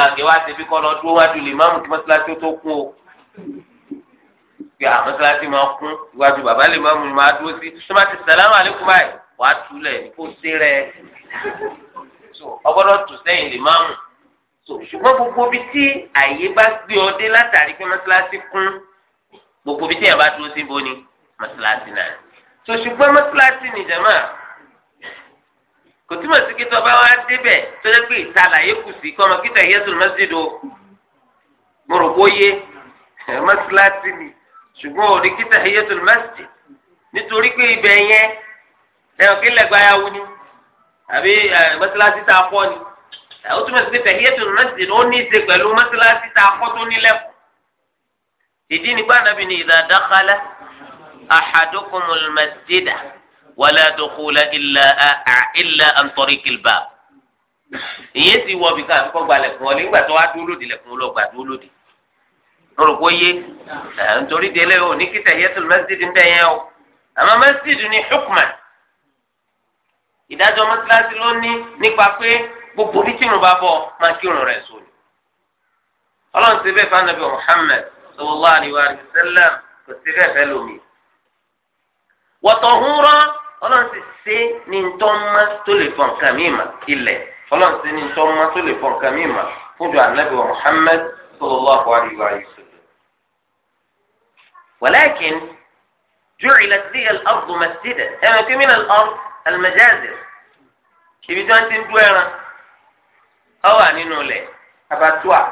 Speaker 1: àǹkẹ́ ah, wá ti fi kọ́ lọ dúró wájú lè má mú kí mọ́sálásí tó kún o pé àwọn mọ́sálásí máa kún iwájú bàbá lè má mú ni máa dúró sí tó má ti sàlámù àlékún báyìí wà á túlẹ̀ kó sí rẹ̀ ọgbọ́dọ̀ tù sẹ́yìn lè má mú
Speaker 2: ṣùgbọ́n gbogbo bí
Speaker 1: tí àyè bá gbé ọ dé látàrí pé mọ́sálásí kún gbogbo bí tí yàrá bá dúró sí bó ni mọ́sálásí náà ṣùgbọ́n mọ́sálásí ni jàmáà kò túmọ̀ sí kí tọ́ba wa débẹ̀ tó yẹ pé ìtàlà yẹ kù sí kọ́mọ kí tẹ̀ yẹ́sùn mẹ́sìdò mọ̀rọ̀kó yé mọ́síláàtì ni ṣùgbọ́n òní kí tẹ̀ yẹ́sùn mẹ́sìdì nítorí pé ibẹ̀ yẹn ẹ̀yàn kí lẹ́gbàá yà wú ni àbí mọ́síláàtì tá a kọ́ ni ó túmọ̀ sí pé tẹ̀ yẹ́sùn mẹ́sìdì ó ní í ṣe pẹ̀lú mọ́síláàtì tá kọ́ tó ní lẹ́kù ìdí wala dukhula illa illa an tariqil bab ìyẹn ti wọ bí káàbí kọ́ gbalẹ̀ fún ọ nígbà tó wá dúró lòdì lẹ̀kùn lọ gbà dúró lòdì lọ́rọ̀ kó yé nítorí délé o ní kíta yẹtù mẹ́sídìí ń bẹ̀ yẹn o àmọ́ mẹ́sídìí ní hukman ìdájọ́ mọ́sálásí ló ní nípa pé gbogbo bí tí bá bọ̀ máa kírun rẹ̀ sóni. ọlọ́run ti bẹ́ẹ̀ fún muhammed sallallahu alaihi wa sallam kò sí bẹ́ẹ̀ ọlọ́run ti ṣe ní ntọ́mọ́ tó lè fọ nǹkan mi mà ilẹ̀ ọlọ́run ti ṣe ní ntọ́mọ́ tó lè fọ nǹkan mi mà fún ju anabi wa muhammed sallallahu alayhi wa sallam. walakin ju'ilat liya al-ardu masjidan ẹnu kí min al-ard al-majazir ibi tí wọ́n ti ń dú ẹran ọ wà nínú ilẹ̀ abattoir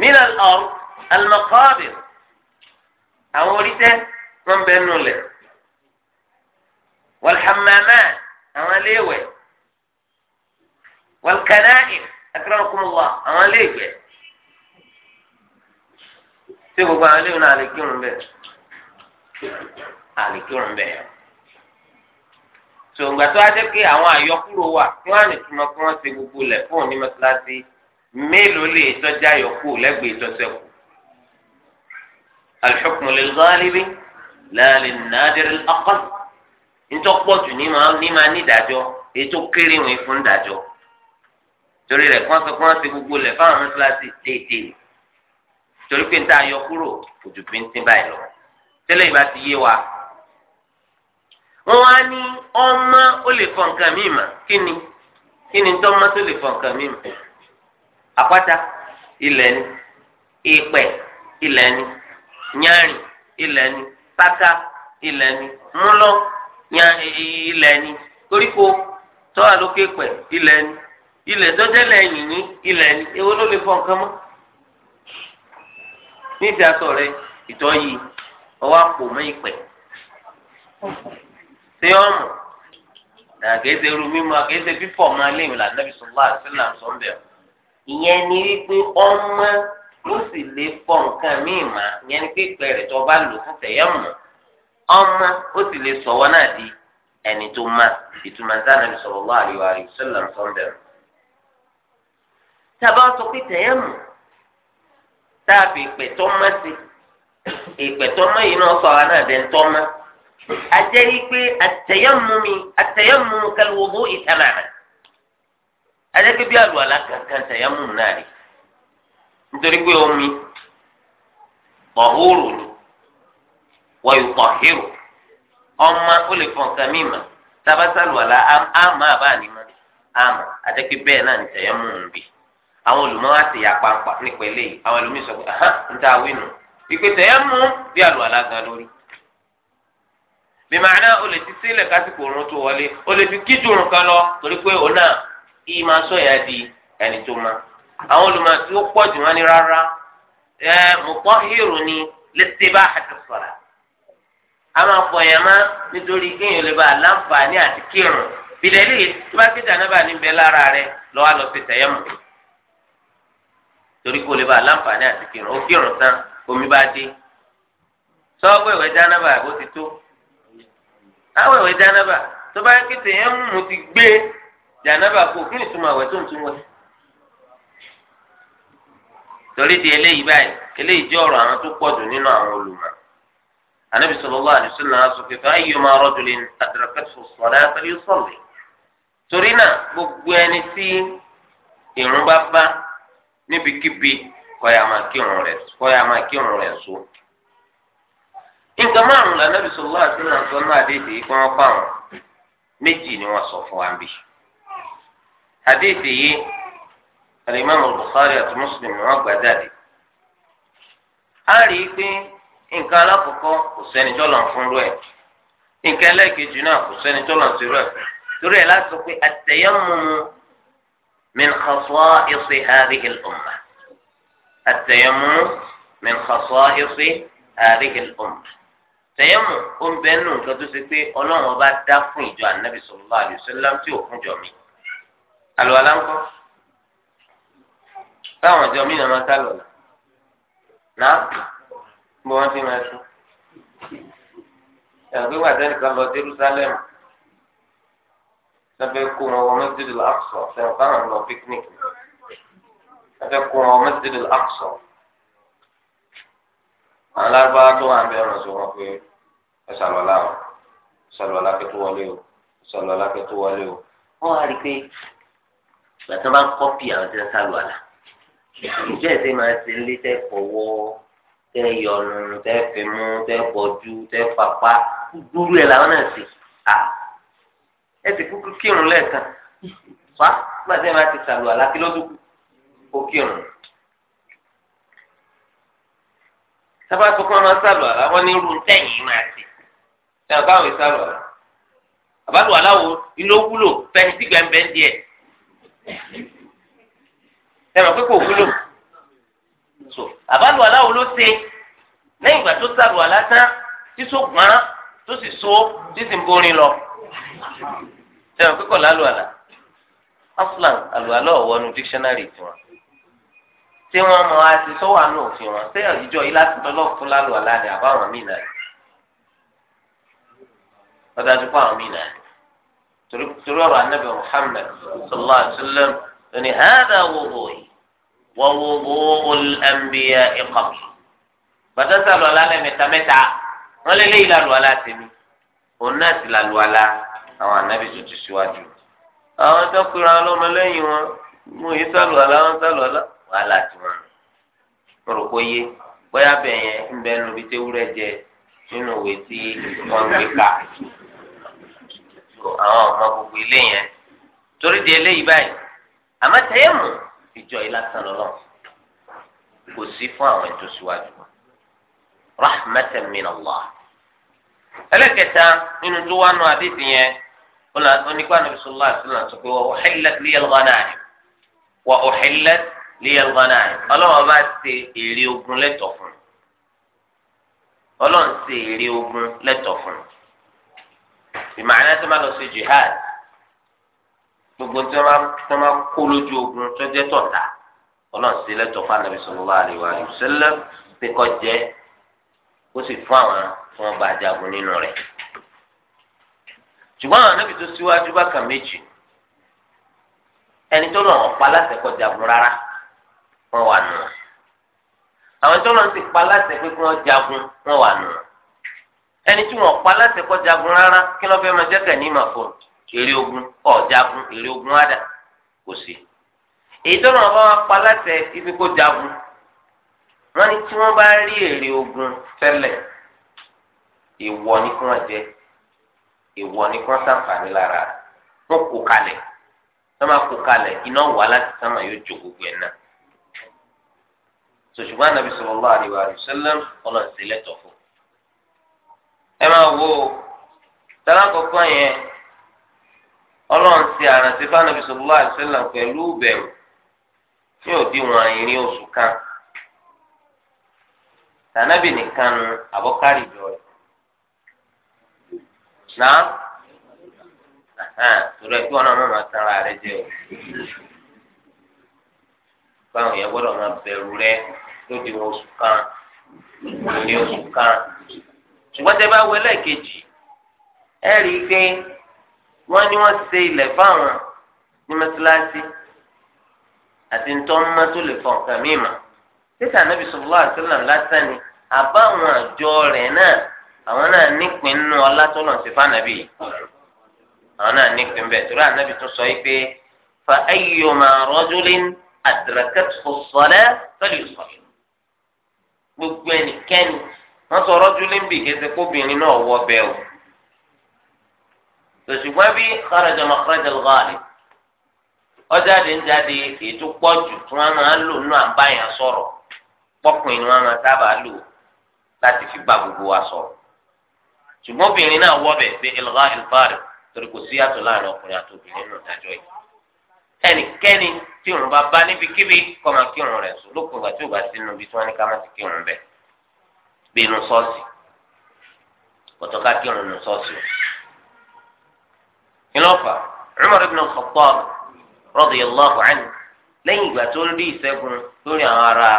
Speaker 1: min al-ard al-maqabir àwọn orí tẹ́ wọ́n bẹ́ẹ̀ nù lẹ̀. والحمامات àwọn iléèwẹ̀ والكنائن أكرمكم الله àwọn iléèwẹ̀ tí gbogbo àwọn iléèwẹ̀ náà lè kírun bẹ́ẹ̀ àlè kírun bẹ́ẹ̀ tòǹgbà tó wá jẹ́ pé àwọn àyọkúrò wà tí wọ́n á lè túmọ̀ pé wọ́n ṣe gbogbo lẹ̀ fóun ní mọ́ṣáláṣí mélòó lè tọ́jú àyọkú lẹ́gbẹ̀ẹ́ ìtọ́sẹ́kù. al-hukmu lil-ghalibi la lin-nadir al-aqall. ntọ́pọ̀jù ní máa ní ìdájọ́ ètò kéré wọn fún ìdájọ́ torí rẹ̀ kí wọ́n sọ pé wọ́n ti gbogbo lẹ̀ fáwọn mọ́sálásí déédéé torí pé níta yọ kúrò òjò pé ń tín báyìí lọ tẹ́lẹ̀ ìbá ti yé wa. wọ́n wá ní ọmọ ó lè fọ nǹkan míì mà kí ni kí ni tọ́mọ tó lè fọ nǹkan míì mà àpáta ilẹ̀ ni ìpẹ́ ilẹ̀ ni nyárìn ilẹ̀ ni pátá ilẹ̀ ni múlọ́ yan ilẹ̀ ni koríko tọ́wà lókè pẹ̀ ilẹ̀ ni ilẹ̀ tọ́jẹ́ lẹ́yìn ní ilẹ̀ ni èwo ló lè fọ nǹkan mọ́ ní ìdí aṣọ rẹ ìtọ́ yìí ọwọ́ àpò mọ́ ìpẹ́ ṣé ọmọ àgẹ́sẹ̀ ru mímọ àgẹ́sẹ̀ fífọ̀ máa léyìn là nàbì sọ̀rọ̀ àṣìlá ń sọ ń bẹ̀ ọ́ ìyẹn ni wípé ọmọ ló sì lè fọ nǹkan míì mà ìyẹn ni pé ìpẹ́ rẹ̀ tó bá lò fún tẹ̀yẹ̀ mọ́ ọmọ ó sì lè sọ̀wọ́ náà di ẹni tó ìtumọ̀ nàbì sọ pé tẹ̀yẹ́ táàbì ìpẹ̀tọ́ mọ́ sí ìpẹ̀tọ́ mọ́ yìí náà sọ náà dẹ̀ ń tọ́ mọ́. ajẹ́ wípé àtẹ̀yẹ́mùmí àtẹ̀yẹ́mùmú kẹlẹ́wọ́gbó ìtàmàmà ajẹ́ pé bí àlùwàlá kankan tẹ̀yẹ́mùmú náà rí nítorí pé omi ni. wọ́yùpọ̀ hírò ọmọ ọma kàmí mà tábàtàlù àlá àmà àbáàní mọ́ ama bẹ́ẹ̀ náà ní tẹ̀yẹ́ mú un bì àwọn olùmọ̀ wá yà pàǹpà nípa eléyìí àwọn ẹlòmíì sọ pé ahán ń ta àwínú ìpè tẹ̀yẹ́ mú bí àlù gan lórí bìmọ̀nà o lè ti sílẹ̀ kásìkò òrùn tó wọlé o ti kíjú sọ di ẹni tó ma àwọn olùmọ̀ tí ó pọ̀ jù ní rárá ẹ̀ ni bá a ma fọ yẹn má nítorí kéèyàn lè ba àlàǹfààní àti kírun bìdẹ́lì tó bá kíjà náà bá lára rẹ lọ́wọ́ lọ sí tẹ̀yẹ̀mù torí kó lè ba àlàǹfààní àti kírun ó kírun tán omi bá dé sọ́wọ́ ìwé dánábà ó ti tó àwọn ìwé dánábà tó bá kí tẹ̀yẹ̀mù mo ti gbé dánábà kó ìtumọ̀ tó ń tún torí di eléyìí báyìí eléyìí jẹ́ àwọn tó pọ̀ jù nínú àwọn olùmọ̀ anabi sallallahu alaihi wasallam sọ pé ayyuma rajulin adrakathu as-salatu falyusalli torí náà gbogbo ẹni tí ìrun bá bá níbikíbi kọyà máa kírun rẹ̀ kọyà máa kírun rẹ̀ so. nǹkan márùn-ún la anabi nǹkan alákọ̀ọ́kọ́ kò sẹ́ni tọ́lọ̀ ń fún rú ẹ̀ nǹkan ẹlẹ́ẹ̀kejì náà kò sẹ́ni tọ́lọ̀ ń serú ẹ̀ torí ẹ̀ láti sọ pé àtẹ̀yẹ́mùmù min khasa'isi hadhihi al-ummah àtẹ̀yẹ́mùmù min khasa'isi hadhihi al-ummah tẹ̀yẹ́mù ó ń bẹ́ẹ̀ nù nǹkan tó ṣe pé ọlọ́run ọba dá fún ìjọ ànábì sallallahu alaihi tí ò fún jọ mi àlùwàlá ńkọ́ táwọn jọ mí nà máa ká náà mo wá sí máa sùn ẹ̀gbẹ́ wà sẹ́ni kan lọ Jerusalem sábẹ́ kó wọn wọ mẹ́sídìí làásọ̀ sẹ́wọ̀n fáwọn lọ picnic sábẹ́ kó wọn wọ mẹ́sídìí làásọ̀ àwọn alárúbáwá tó wà ń bẹ̀rẹ̀ sọ wọn pé ẹ ṣàlọ́lá o ṣàlọ́lá pé tó wọlé o ṣàlọ́lá pé wọlé o wọ́n á rí i pé gbàtà bá ń kọ́pì àwọn tí wọ́n ṣàlọ́lá ìjọ ẹ̀sìn máa ṣe ń lé tẹ́ fọwọ́ tẹ́ yọnu tẹ́ fimú tẹ́ pọ̀jù tẹ́ fapá gbúrú ẹ̀ làwọn náà sì à ẹ ti kúkú kírun lẹ́ẹ̀kan fa gbàdé máa ti sàlù àlákí lọ́dún kó kírun. sábà tó kọ́ máa sàlù àlá wọn ní irú tẹ̀yìn máa ti ṣe àbáwọ̀ ìsàlù àlá àbálù aláwo inú wúlò fẹ́ni tí gbẹ̀ǹbẹ̀ ń di ẹ̀. ẹ mọ̀ pé kò wúlò so àbálùwàlá wo se ṣe lẹ́yìn ìgbà tó sàlùwàlá tán tí so gbọ́n tó sì so tí sì ń borin lọ sẹ́wọ̀n kíkọ̀ lálùwàlá aflan àlùwàlá ọ̀wọ́nu dictionary tiwọn tí wọ́n mọ àti sọ́wọ́ àánú òfin wọn ṣé ìjọ yìí láti tọ́lọ́ fún lálùwàlá ni àbáwọn míì náà ọ̀dájú fún àwọn míì torí ọ̀rọ̀ anábì Muhammad sallallahu alayhi wa sallam ló ní hàdà wọ̀wọ̀ yìí. ووضوء الأنبياء قبل فتسأل ولا لم يتمتع ولا ليلة ولا تمي والناس لا ولا أو النبي تسواجه أو تقول على ملايين mo yìí sálù ọ̀la wọn sálù ọ̀la wàhálà tí wọn mo rò pé yé bóyá bẹ́ẹ̀ yẹn ń bẹ nu bíi tewúrẹ́ jẹ nínú òwe tí wọ́n gbé ká àwọn ọmọ gbogbo ilé yẹn torí di eléyìí báyìí àmọ́ tẹ́yẹ̀ mọ̀ ìjọ yìí lásán lọ́lọ́ kò sí fún àwọn ètò síwájú rahmatan min allah ẹlẹ́kẹta nínú tó wá nù àdéhùn yẹn onígbà nàbí sọlá àtúnlá sọ pé wọ́n uhillat liyal ghanaim wọ́n uhillat liyal ghanaim ọlọ́wọ́n bá ṣe èrè ogun lẹ́tọ̀ fún ọlọ́run ṣe èrè ogun lẹ́tọ̀ fún ìmọ̀ àyàn tó má lọ sí jihad gbogbo tí wọn máa kó lójú ogun tó jẹ tọ̀tà ọlọ́run sí lẹ́tọ̀ fún anabi sallallahu alaihi wa sallam pé kó jẹ kó sì fún àwọn tí wọ́n bá jagun nínú rẹ̀. ṣùgbọ́n àwọn anabi tó síwájú bákan méjì ẹni tó lọ́wọ́ pa láti kó jagun rárá wọ́n wà nù. àwọn tó lọ́wọ́ sì pa láti pé kí wọ́n jagun wọ́n wà nù. ẹni tí wọ́n pa láti kó jagun rárá kí ló fẹ́ máa jẹ́ kẹ̀ ní ìmọ̀ fún un èrè ogun ọ̀jagun èrè ogun àdà kò sí. èyí tó ràn wọ́n pa láti ibi kó jagun wọ́n ní tí wọ́n bá rí èrè ogun tẹ́lẹ̀ ìwọ ni kí wọ́n jẹ ìwọ ni kí wọ́n sàǹfààní lára wọ́n kó kalẹ̀ wọ́n máa kó kalẹ̀ iná wà láti sáma yóò jó gbogbo ẹ̀ náà. sòṣùgbọ́n anabi sallallahu alaihi wa sallam ọ̀nà ìsẹ̀lẹ̀ tọ̀fọ̀. ẹ máa wo tàlákọ̀ọ́kọ́ yẹn ọlọ́run ti àrántí fáwọn bisalòlá àṣẹlẹ pẹ̀lú bẹ̀rù tí ò di wọn ìrìn oṣù kan tànàbì nìkan nu àbọ̀kárì jọ rẹ̀ náà torí ẹ kí wọn náà má máa tanra rẹ jẹ o báwọn yẹn gbọ́dọ̀ máa bẹ̀rù rẹ lóde wọn oṣù kan ìrìn oṣù kan ṣùgbọ́n tẹ bá wọlé kejì ẹ rí wọ́n ní wọ́n ṣe ilẹ̀ fáwọn ní mẹ́tíláṣí àti ntọ́mọ́ tó lè fọ nǹkan mí mà títà nàbì sọ̀rọ̀ àtìlà lásán ni àbáwọn àjọ rẹ̀ náà àwọn náà nípìn nù ọlátọ́nà sí fànàbì àwọn náà nípìn bẹ́ẹ̀ torí ànábì tún sọ yìí pé fa ayyuma rajulin adrakathu as-salah falyusalli gbogbo ẹnikẹ́ni wọ́n sọ rọ́júlín bì kẹsẹ̀ kóbìnrin náà wọ bẹ́ẹ̀ o tòṣùgbọ́n bí kharaja makhraj al-ghalib ọjàde ń jáde ètò pọ̀jù tí wọ́n máa ń lò nínú àbáyàn sọ̀rọ̀ pọ́kùnrin ni wọ́n máa sábà lò láti fi bá gbogbo wa sọ̀rọ̀ ṣùgbọ́n obìnrin náà wọ́bẹ̀ pé ilgha al-fariq torí kò sí yàtọ̀ láàrin ọkùnrin àti obìnrin nínú ìdájọ́ yìí ẹnikẹ́ni tí òun bá bá níbikíbi kọ́ máa kírun rẹ̀ sùn lópin ìgbà tí ò bá sínú ibi tí wọ́n ní ká má ti kírun bẹ̀ gbé inú sọ́ọ̀sì kọ̀tọ́ ká kírun inú sọ́ọ̀sì o. ìlọ́fà Umar na al-Khattab radiyallahu anhu lẹ́yìn ìgbà tó rí ìṣẹ́gun lórí àwọn ará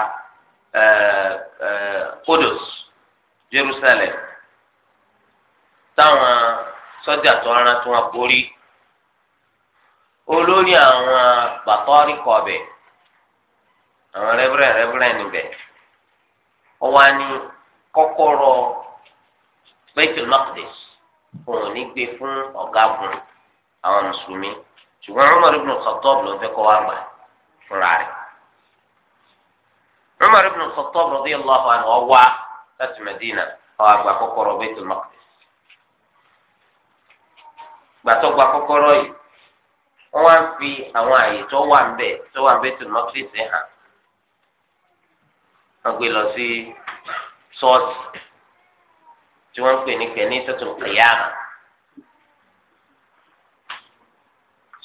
Speaker 1: Kudus Jerusalem táwọn sọ́jà tó rán tí wọ́n borí olórí àwọn bàtọ́rí kọ̀ọ̀bẹ̀ àwọn rẹ́bùrẹ́ rẹ́bùrẹ́ níbẹ̀ ọwọ́ ni kọ́kọ́rọ́ Baitul Maqdis òun ní gbé fún ọ̀gágun. àwọn mùsùlùmí ṣùgbọ́n Umar ibn Khattab ló ń fẹ́ kọ́ wá gbà fúnra rẹ̀ Umar ibn Khattab radiyallahu anhu ọwá láti Medina ọwọ́ àgbà kọ́kọ́rọ́ Baitul Maqdis gbàtọ́ gba kọ́kọ́rọ́ yìí wọ́n wá ń fi àwọn àyè tó wà ń bẹ̀ tó wà ń Maqdis hàn wọ́n gbé lọ sí tí wọ́n ń pè ní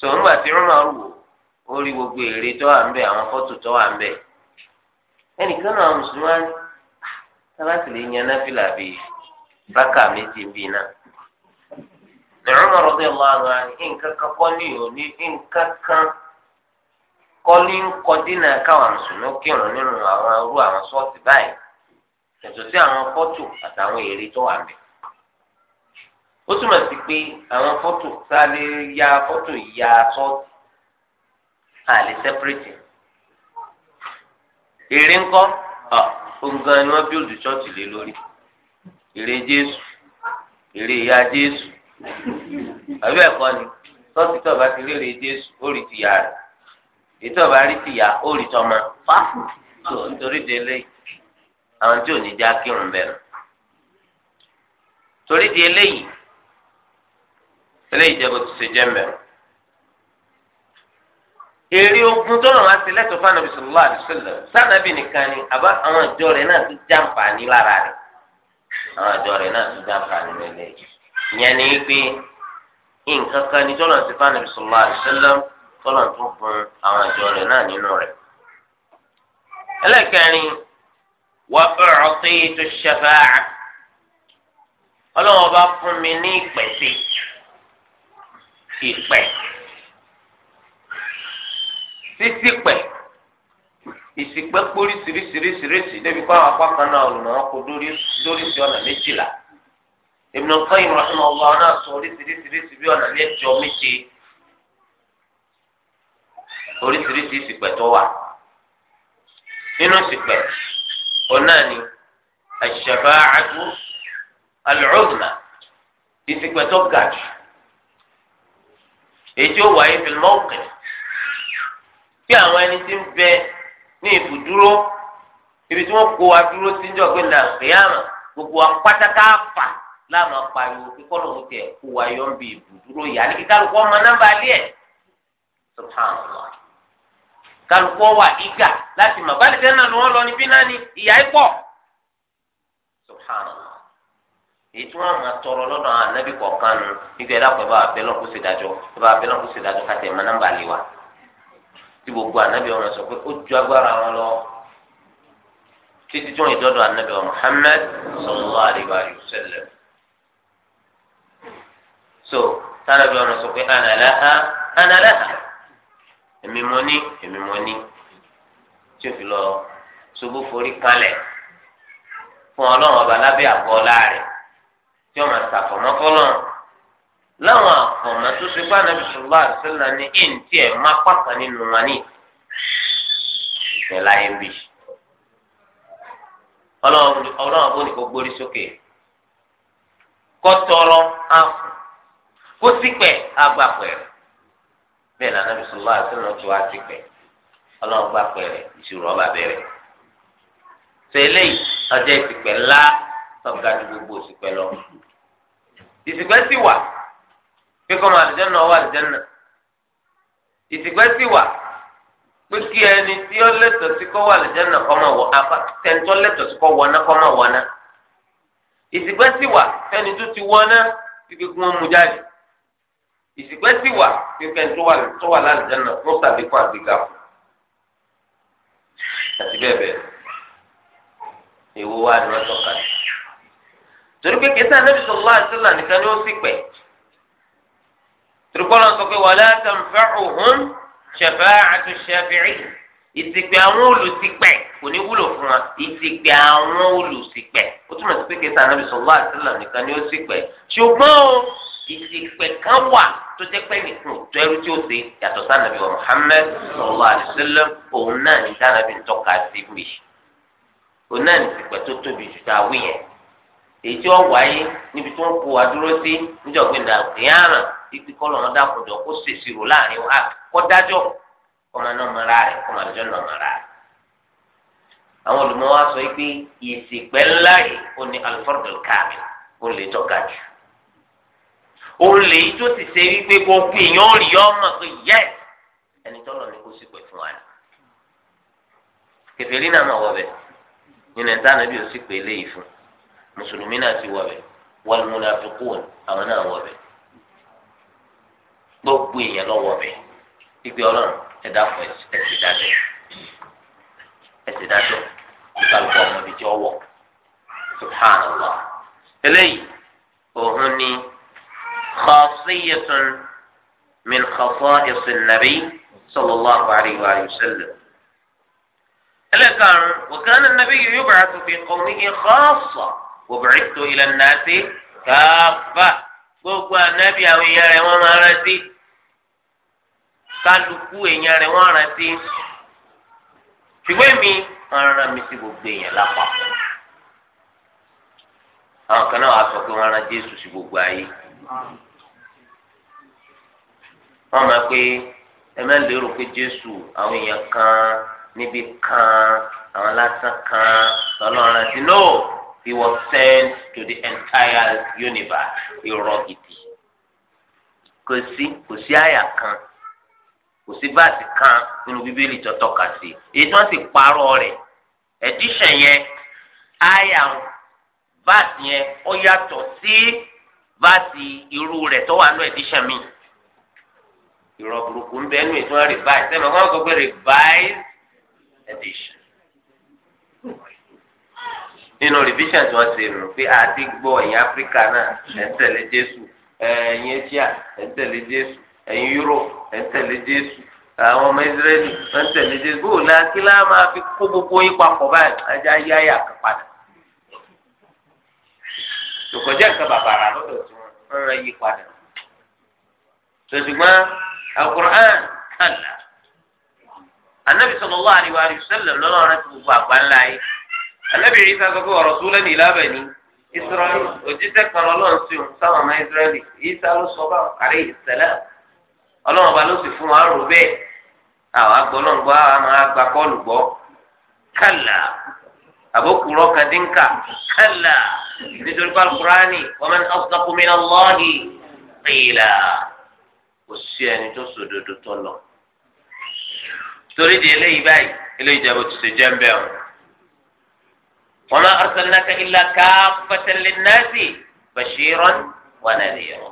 Speaker 1: sọ̀rọ̀ gbà tí rọ́mà ó gbogbo èrè tó wà ń àwọn fọ́tò tó wà ń ẹnìkan náà mùsùlùmá sábàtì lè yan náfìlà bí bákà méjì bí náà lẹ́rọ̀mà rọ́bì ọlọ́run kọ́ ní òní nǹkan kọ́ ní kọ́dínà káwọn mùsùlùmí kírun nínú àwọn irú àwọn sọ́ọ̀tì báyìí sí àwọn fọ́tò ó túmọ̀ sí pé àwọn fọ́tò sáré ya fọ́tò ya sọ́ọ̀tì àlè sẹ́pẹ́rẹ́tì èrè ńkọ́ ọ̀gbọ̀n ni wọ́n bíòlù ṣọ́ọ̀tì lé lórí èrè Jésù èrè ìyá Jésù àbí ẹ̀kọ́ ni sọ́ọ̀tì tó bá ti rí èrè Jésù ó rí tìyà rẹ̀ ètò ọba rí tìyà ó rí tọmọ fá nítorí délé àwọn tí ò ní já kírun bẹ̀rù torí di eléyìí eléyìí jẹ́ bó ti ṣe èrè ogun tó lọ́wọ́ àti lẹ́tọ̀ọ́ fanabi sallallahu alaihi sanabi nìkan ni àbá àwọn ìjọ rẹ̀ náà ti já nfààní lára rẹ̀ àwọn ìjọ rẹ̀ náà ti já nfààní ìyẹn ni pé nǹkan kan ti fanabi sallallahu alaihi wasallam tó fún àwọn ìjọ rẹ̀ náà nínú rẹ̀. ẹlẹ́kẹ̀rin wà ọ̀rọ̀ tó yẹ bá fún mi ní ìpèsè. siri siri siri siri sírísírísírísí débi kó àwọn apákan náà olùmọ̀ràn kó dórí sí ọ̀nà méjìlá Ibn Qayyim rahimahullah náà sọ siri bí ọ̀nà mẹ́jọ méje oríṣiríṣi ìsìpẹ́ tó wà nínú ìsìpẹ́ ọ̀nà ni ash-shafa'atu al tó ga èyí tí ó wáyé fìlmọ́ọ̀kẹ́ kí àwọn ẹni tí ń bẹ ní ibùdúró ibi tí wọ́n kó wa dúró sí níjọ́ pé nà kéyàmà gbogbo wa pátákà fà láàmú apariwo kíkọ́ lòun tẹ̀ kó wa yọ ń bi ibùdúró yìí àní kí kálukú ọmọ náà bá lé kálukú ọwà ìgà láti mà bá lè tẹ́ náà ni wọ́n lọ níbí náà ni ìyá ẹ̀ pọ̀ subhanallah èyí tí wọn máa tọrọ lọ́dọ̀ àwọn anábì kọ̀ọ̀kan nu nígbà ẹ̀dá pẹ̀lú abẹ́lọ́ kó ṣe dájọ́ ẹ̀bá abẹ́lọ́ kó ṣe dájọ́ káàtì ẹ̀ma nọ́mbà lè wa tí gbogbo anábì wọn sọ pé ó ju agbára wọn lọ títí tí wọn ìdọ́dọ̀ anábì wọn Muhammad sallallahu alaihi wa sallam so tánàbì wọn sọ pé ana laha ana laha èmi mọ ní èmi mọ ní tí o fi lọ ṣubú forí kalẹ̀ fún ọlọ́run ọba lábẹ́ àgọ́ láàrin. tí ma máa ṣàfọmọ fọlọ láwọn àfọmọ tó ṣe fún anabi sọlá àṣẹlá ní ẹǹtí ẹ má pàtàkì nínú wọn ní ìṣẹ̀lẹ̀ ayé ń bì ní kò gbórí sókè kọtọrọ àfọ kó sípẹ sọlá tó wá sípẹ ọba ìsìpẹ ńlá ìsìgbẹ́ sì wà pé kọ́ máa àlùjẹ́ náà wà àlùjẹ́ náà ìsìgbẹ́ sì wà pé kí ẹni tí ó lẹ́tọ̀ọ́ sí kọ́ wà àlùjẹ́ náà kọ́ máa wọ afa tẹ̀ntọ́ lẹ́tọ̀ọ́ sí kọ́ wọná kọ́ máa wọná ìsìgbẹ́ sì wà fẹ́ni tó ti wọná kíkẹ́ kí wọ́n mú jáde ìsìgbẹ́ sì wà pé fẹ́ni tó wà lálùjẹ́ náà fún sàlékún àgbéga fún àti bẹ́ẹ̀ bẹ́ẹ̀ èwo wà ní wọ́n tọ́ka sí torí pé kìí sáà nàbì sọlá àṣìlá nìkan ni ó sì pẹ turukọlọ sọ pé wàlá tanfa'uhum shafa'atu shafi'in ìsìnkú àwọn olùsìpẹ̀ kò ní wúlò fún wa ìsìnkú àwọn olùsìpẹ̀ ó túmọ̀ sí pé kìí sáà nàbì sọlá àṣìlá nìkan ni ó sì pẹ ṣùgbọ́n o ìsìnkú kan wà tó jẹ́ pé nìkan tó ẹrú tí ó ṣe yàtọ̀ sáà nàbì wa sọlá àṣìlá òun náà ní èyí tí wọ́n wáyé níbi tí wọ́n kó wa dúró sí níjọ̀gbìn náà kìíyàrá ibi kọ́ lọ́nà dàkọ̀dọ̀ kó ṣèṣirò láàrin wa kọ́ dájọ́ kọ́mọ náà mọ ara rẹ̀ kọ́mọ àjọ náà mọ ara rẹ̀. àwọn olùmọ̀ wa sọ pé ìsìnkpẹ́ ńlá yìí ó ní alifọ́dọ̀ káàmì ó lè tọ́ ga jù. ó lè tó ti ṣe wípé gbogbo èèyàn rí ọmọ pé yẹ ẹni tọ́lọ̀ ni kó ṣìpẹ̀ fún wa ni. kẹfẹ́ rí náà mọ̀ wọ bẹ́ẹ̀ nínú mùsùlùmí náà ti wọ̀ bẹ̀ wal munafiqun àwọn náà wọ̀ bẹ̀ gbogbo èèyàn lọ wọ̀ bẹ̀ gbígbé ọlọ́run ẹ̀dá fún ẹ̀sì dájọ́ ẹ̀sì dájọ́ ìbálòpọ̀ ọmọdé tí ó wọ̀ subhanallah eléyìí òhun ni khasiyatun min khasa'isi nabi sallallahu alayhi wa sallam.
Speaker 2: ẹlẹ́karùn-ún
Speaker 1: wa kana an-nabiyyu yub'athu fi qawmihi khassa. وبعثت إلى الناس كافة gbogbo anabi àwọn èèyàn rẹ̀ wọ́n máa rántí kálukú èèyàn rẹ̀ wọ́n rántí ṣùgbọ́n èmi wọ́n rán mi sí gbogbo èèyàn lápapọ̀ àwọn kan náà wàá sọ pé wọ́n rán Jésù sí gbogbo ayé wọ́n máa pé ẹ máa ń lérò pé Jésù àwọn èèyàn kan níbi kan àwọn lásán kan lọ́lọ́run rántí náà he was sent to the entire universe irọ́ gidi kò sí kò sí àyà kan kò sí báàsì kan nínú bíbélì tó tọ́ka sí èyí tí wọ́n sì edition yẹn àyà báàsì yẹn ó yàtọ̀ sí báàsì irú rẹ̀ tó wà nínú edition mi irọ́ burúkú ń bẹ́ẹ̀ nù ètò wọn revise sẹ́mi wọ́n sọ pé revise edition nínú revision tí wọ́n ṣe nù pé àti gbọ́ ẹ̀yin áfíríkà náà ẹ̀ ń tẹ̀lé jésù ẹ̀yin asia ẹ̀ ń tẹ̀lé jésù ẹ̀yin europe ẹ̀ ń tẹ̀lé jésù àwọn ọmọ israẹli ẹ̀ ń tẹ̀lé jésù bó o la kí láà máa fi kó gbogbo yín papọ̀ báyìí ajá yá yà kó padà tòkọjá nǹkan bàbàrà lọ́dọ̀ tí wọ́n rán yí padà tòṣùgbọ́n alukur'an kàlà anabi sallallahu alaihi wa sallam lọ́nà ọ̀rẹ́ ti gbogbo àgbáńlá yìí anabi isa sọ pé ọ̀rọ̀ súnlẹ̀ ní ìlàbẹ̀ ní israẹli òjíṣẹ́ kan ọlọ́run sí òun sáwọn ọmọ israẹli isa ló sọ bá kárí ìṣẹ̀lẹ̀ ọlọ́run ọba ló sì fún wa rò bẹ́ẹ̀ àwọn agbọ́nọ́gbọ́ àwọn máa gba kọ́ọ̀lù gbọ́ kálá àbókùrọ̀ kàdínkà kálá nítorí pé alukurani wọn máa ń ọ̀sọ́kù mi náà tó sòdodo tó lọ. torí di eléyìí báyìí eléyìí jẹ́ bó ti ṣe jẹ́ ń bẹ́ẹ̀ wa ma arsalnaka illa kaffatan linnasi bashiran wa nadhira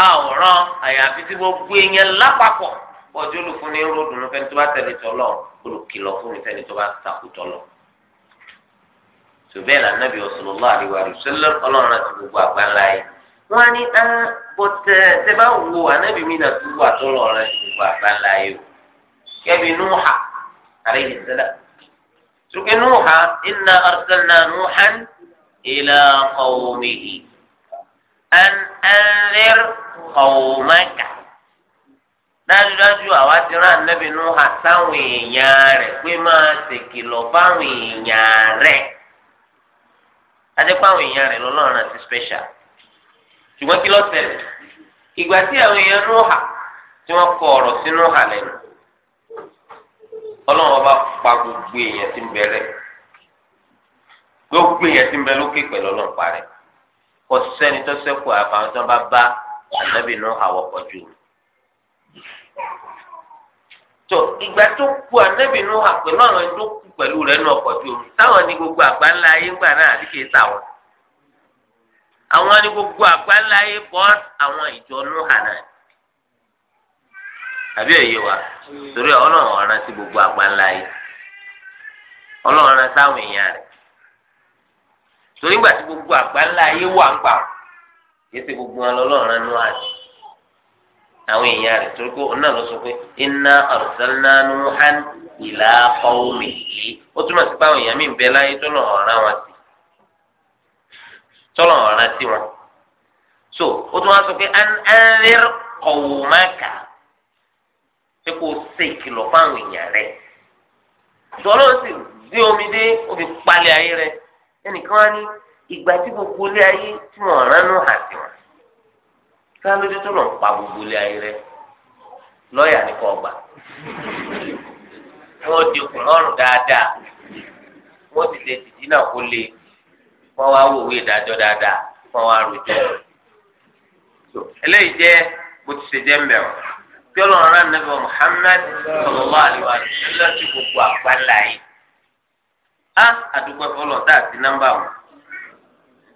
Speaker 1: àwòrán àyàfi tí gbogbo èèyàn lápapọ̀ pọ̀jù olùfúnni ròdùnú fẹ́ni tó bá tẹ̀lé tọ́lọ̀ olùkìlọ̀ fún mi fẹ́ni tó bá takò tọ́lọ̀. sùbẹ́ẹ̀lì anábì sallallahu alaihi wa sallam ọlọ́run àti gbogbo àgbáńlá yìí. wọ́n á ní á ah, bọ́tẹ́ eh, tẹ bá wo anábì mi náà tó wà tọ́lọ̀ rẹ̀ gbogbo àgbáńlá yìí o. kẹ́bi nuuha alayhi salam sùkè nùhà iná arsalna nùhàn ìlà qawmihi an anzir qawmaka dájúdájú àwa ti rán anábì nùhà sáwọn èèyàn rẹ̀ pé máa ṣèkìlọ̀ fáwọn èèyàn rẹ̀ adépáwọn èèyàn rẹ̀ lọ́lọ́run àti special ṣùgbọ́n kí ló ṣẹlẹ̀ ìgbà tí àwọn èèyàn nùhà tí wọ́n kọ ọ̀rọ̀ sí nùhà lẹ́nu ọlọ́run ọba pa gbogbo èèyàn tí ń bẹ rẹ gbogbo èèyàn tí ń bẹ lókè pẹ̀lú ọlọ́run parẹ́ kò sẹ́ni tó sẹ́kù àfàwọn tó bá bá ànábì náà àwọ̀kọ̀ jù tó ìgbà tó kú ànábì náà àpẹ̀lú àwọn tó kú pẹ̀lú rẹ̀ náà ọkọ̀ jù táwọn ní gbogbo àgbáńlá ayé ńgbà náà àti kìí táwọn àwọn ní gbogbo àgbáńlá ayé bọ́ àwọn ìjọ náà hànà àbí torí ọlọ́run ọ̀ràn sí gbogbo àgbáńlá yìí ọlọ́run ọ̀ràn sáwọn èèyàn rẹ̀ torí tí gbogbo àgbáńlá yìí wà ń gbà gbogbo wọn lọ́lọ́run rẹ̀ nù àjì àwọn èèyàn rẹ̀ torí pé ọ̀nà ló sọ pé inna arsalna Nuhan ila qawmihi ó túmọ̀ sí èèyàn láyé jẹ́ kó o ṣe ìkìlọ̀ fáwọn èèyàn rẹ̀ sọ̀rọ̀ sì gbé omi dé omi palẹ̀ ayé rẹ̀ ẹnìkan wá ní ìgbà gbogbo ilé ayé tí wọ́n wọn ká tó lọ pa gbogbo ilé ayé rẹ̀ lọ́ọ̀yà ní kò gbà wọ́n di okùn lọ́rùn dáadáa wọ́n sì lè dìdí náà kó lè wọ́n wá wòwe ìdájọ́ dáadáa wọ́n wá tí Ọlọ́run rán nàbẹ Muhammad sallallahu alaihi wasallam sí gbogbo àgbáńlá yìí á àdúgbò fọlọ tá a ti nọ́mbà wọn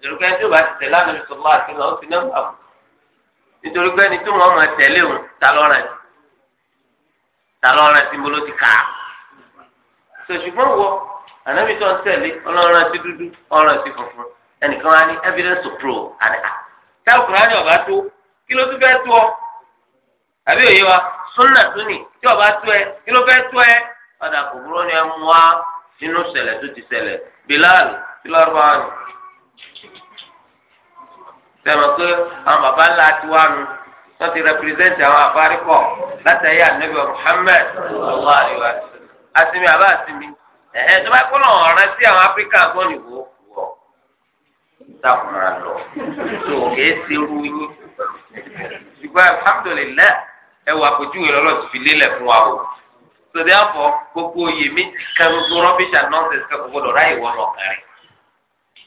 Speaker 1: nítorí pé ẹni tó bá ti tẹ̀lé àná sallallahu alaihi wasallam ó ti nọ́mbà wọn nítorí pé ẹni tó wọn máa tẹ̀lé òun ta lọ́ràn yìí ta lọ́ràn tí mo ló ti kà á sọ̀tùgbọ́n wọ ànábi tó ń tẹ̀lé ọlọ́run ti dúdú ọlọ́run ti funfun ẹnìkan wá ní evidence to prove ah, àbí òye wa súnà súnì tí ọba tú ẹ kí ló fẹ́ tú ẹ padà kò burú ni ẹ mú wa nínú ṣẹlẹ̀ tó ti ṣẹlẹ̀ Bilal tí lọ́ọ́ bá wà ní. sẹ́mi pé àwọn bàbá ńlá ti wá nu wọ́n ti rẹpirisẹ́ntì àwọn àfárikọ̀ látàrí ànábì Muhammad ọ̀wá àríwá àsìmí àbá àsìmí ẹ̀hẹ́ tó bá kó lọ́wọ́ ọ̀rẹ́ sí àwọn áfíríkà gbọ́nì wò wọ̀ lọ tó kèé serú yín ṣùgbọ́n alhamdulilayi ẹ wà àpèjúwe lọ́lọ́ ti fi lélẹ̀ fún wa o sọdí àfọ gbogbo oyè mi kan gbogbo rọ́bìṣà nọ́ọ̀sì kan gbogbo lọ́ra ìwọ lọ kàrí.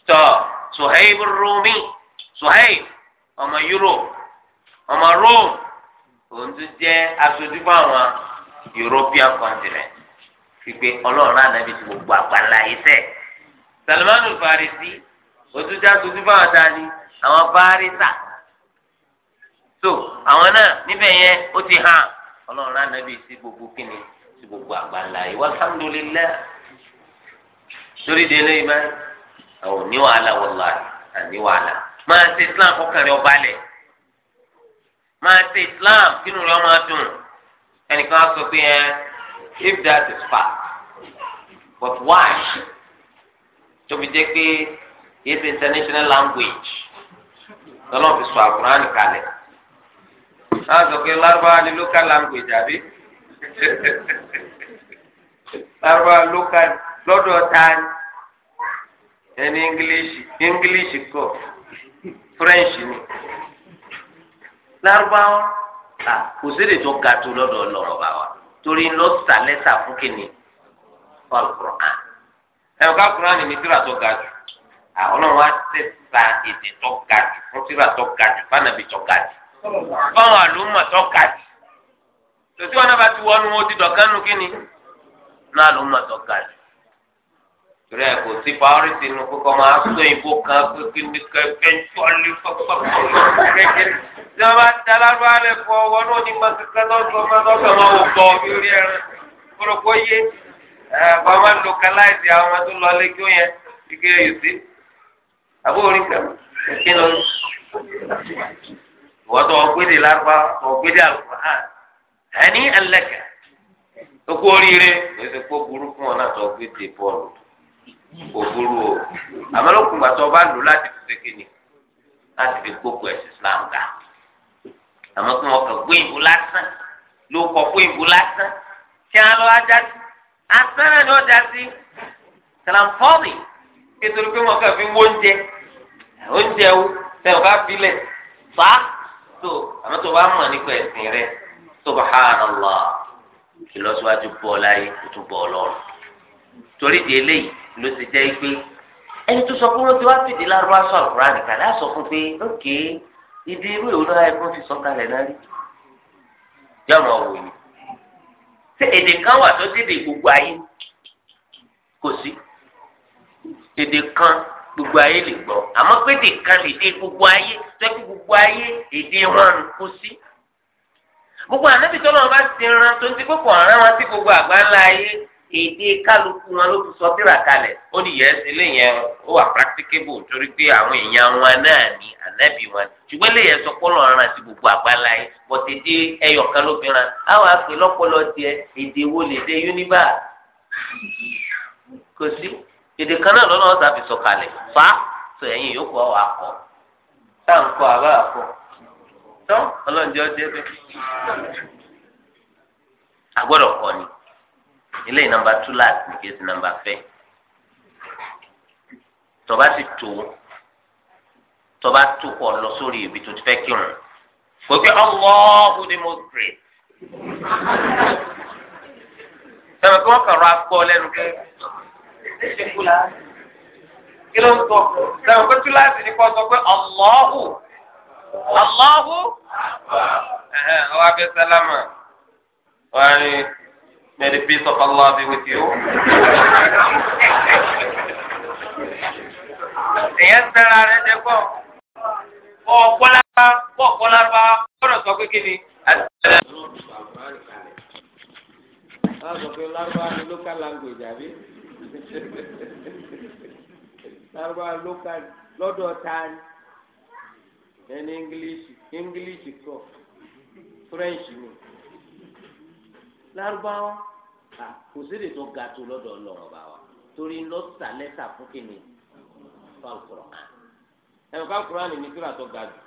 Speaker 1: tọ Suhaib Rumi Suhaib ọmọ Europe ọmọ Rome òun tún jẹ́ aṣojú fún àwọn European continent pípé ọlọ́run ànábi ti gbogbo àgbàlá yìí sẹ́ Salmanul Farisi òtún jẹ́ aṣojú fún àwọn tani àwọn Fárísà. so àwọn náà níbẹ̀ yẹn ó ti hàn ọlọ́run rán gbogbo kíni sí gbogbo àgbàlá yìí walhamdulillah torí délé yìí báyìí àwọn òní wàhálà wallahi àní wàhálà máa ṣe islam kọkàn rẹ ọba lẹ̀ máa ṣe islam kínú rẹ ọmọ dùn ẹnìkan sọ pé ẹ eh, if that is fact but why tóbi jẹ́ pé it's international language lọ́nà fi sọ àkùrán kalẹ̀. náà sọ pé lárúbáwá ni local language àbí lárúbáwá local lọ́dọ̀ ta ẹni english english kọ french ni lárúbáwá kò sí èdè tó ga tó lọ́dọ̀ lọ́rọ̀ bá wa torí lọ́sà lẹ́sà fún kìnnì ọ̀lùkùrán ẹ̀rọ ká kùrán ní tíra tó ga jù ọlọ́run á tẹ̀sà èdè tó ga jù fún tíra tó ga jù fún ànábì tó ga jù fáwọn àlùmọ̀ tó kà jù tòtí wọn náà bá ti wọnú wọn ti dọ̀kan nù kíni náà àlùmọ̀ tó kà jù torí ẹ kò sí priority nu kókó máa sọ ìbò kan kékeré ní
Speaker 3: kẹfẹ́ntì ọ̀lẹ́ pọ̀pọ̀pọ̀ kékeré tí wọ́n bá ti alárúbá lẹ̀ fọ́ wọn náà ní ma kíkẹ́ lọ́sọ̀ máa lọ́sọ̀ máa wò gbọ́ bí orí ẹran kórópó yé ẹ̀ bá máa ń localize àwọn ọmọ tó lọ lé kí ó yẹn ike yìí sí àbó orí
Speaker 1: kan kí ló ń ìwọ́n tó ọgbédè lárúbá tó ọgbédè alukur'an ẹni ẹlẹ́kẹ̀ gbogbo oríire èsì kó burú fún ọ náà tó ọgbédè bọ́ọ̀lù kò burú o àmọ́ lókun gbàtọ́ bá lò láti fi sékèlè láti fi gbogbo ẹ̀sìn Islam ga àmọ́ kí wọ́n kàn gbé ìbú lásán ló kọ́ fún ìbú lásán kí á lọ ajá sí asán náà ni wọ́n já sí kàlàǹfọ́ọ̀nì nítorí pé wọ́n kàn fi wọ́n oúnjẹ oúnjẹ wo tẹ̀ ọ́ bá filẹ̀ fàá tó àmọ́ tó bá mọ̀ nípa ẹ̀sìn rẹ subhanallah ìlọsíwájú bọ́ láyé kò tún bọ́ ọlọ́run torí di eléyìí ló ti jẹ́ pé ẹni tó sọ pé wọ́n ti wá fìdí lárúbá sọ àkùrá nìkan láà sọ fún pé lókè ìdí irú èwo náà ẹ̀kọ́ fi sọ́kalẹ̀ náà rí yọ̀mọ̀ wò ni ṣé èdè kan wà tó dédé gbogbo ayé kò sí èdè kan gbogbo ayé lè gbọ́ àmọ́ pé nìkan lè dé gbogbo ayé tẹ́kí gbogbo ayé èdè wọn kó sí. gbogbo ànábì tó bá ti ran tó ń ti kókò ọ̀ràn wọn sí gbogbo àgbáńlá ayé èdè kálukú wọn ló fi sọ kalẹ̀ ó ní yẹn ó wà practicable torí pé àwọn èèyàn wọn náà ní wọn gbogbo àgbáńlá ayé bọ̀tẹ̀ dé ẹyọkan àwọn lọ́pọ̀lọ́ èdè kan náà lọ́nà ọ̀sà fi sọ̀kalẹ̀ fa sọ ẹ̀yìn yòókù ọ̀ wà kọ́ tá à ń kọ́ àbá àkọ́ tọ́ ọlọ́njẹ́ ọjẹ́ bẹ́ẹ̀. agbọ́dọ̀ kọ́ ni ilé nàmbà tú láti ní kéésì nàmbà fẹ́ tọba ti tó tọba tó kọ lọ sórí ibi tó ti fẹ́ kírun kò pé ọlọ́ọ̀hún ni mo gbèrè sọ̀rọ̀ kí wọ́n kàn rọ akọ lẹ́nu kẹ́kẹ́ ṣe kú láti kí ló ń sọ sẹ́wọ̀n pé tú láti ní kó sọ pé ọlọ́hù ọlọ́hù ọwọ́ abẹ́ sálámà wọ́n á ní may the peace of Allah be with you.
Speaker 2: èyàn sẹ́ra rẹ̀ jẹ́
Speaker 1: pọ̀ pọ̀ kọ́lápá pọ̀ kọ́lápá gbọ́dọ̀ sọ pé kí ni.
Speaker 5: Báwo sọ pé Lárúbáwá ni local language àbí?
Speaker 3: lárúbá lókàl lọ́dọ̀
Speaker 1: tani ẹni ingilishi ingilishi kọ french ni lárúbáwá kò sídìí tó ga tó lọ́dọ̀ ọlọ́run bá wa torí lọ́tà lẹ́tà fún kìnnì fàlùkùrọ̀ kan ẹ̀rọ fàlùkùrọ̀ ni ní kíra tó ga jù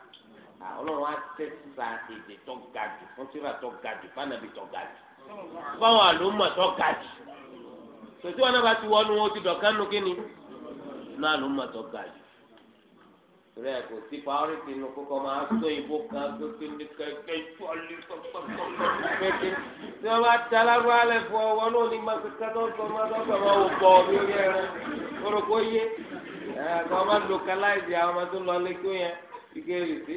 Speaker 1: ọlọ́run á tẹ̀sà èdè tó ga jù fún kíra tó ga jù fún ànábì tó ga jù fún àlùmọ̀ tó ga jù tòtí wọn náà bá ti wọnú wọn ti dọ̀kan nu kíni náà ló mọ̀ tó ga jù rẹ kò sí pàórítì nu kókó máa tó ìbò kan tó ti ní kẹkẹ ìtọ́lé
Speaker 2: pẹ́pẹ́pẹ́
Speaker 1: tí wọ́n bá ta lágbá alẹ́ fún ọ wọn náà ní ma kíkà tó ń sọ ma tó ń sọ
Speaker 2: ma wò bọ̀ mí rí ẹran kórókó
Speaker 3: yé ẹ kọ́ ma localize àwọn ọmọ tó lọ lẹ́kọ́ yẹn ike rì sí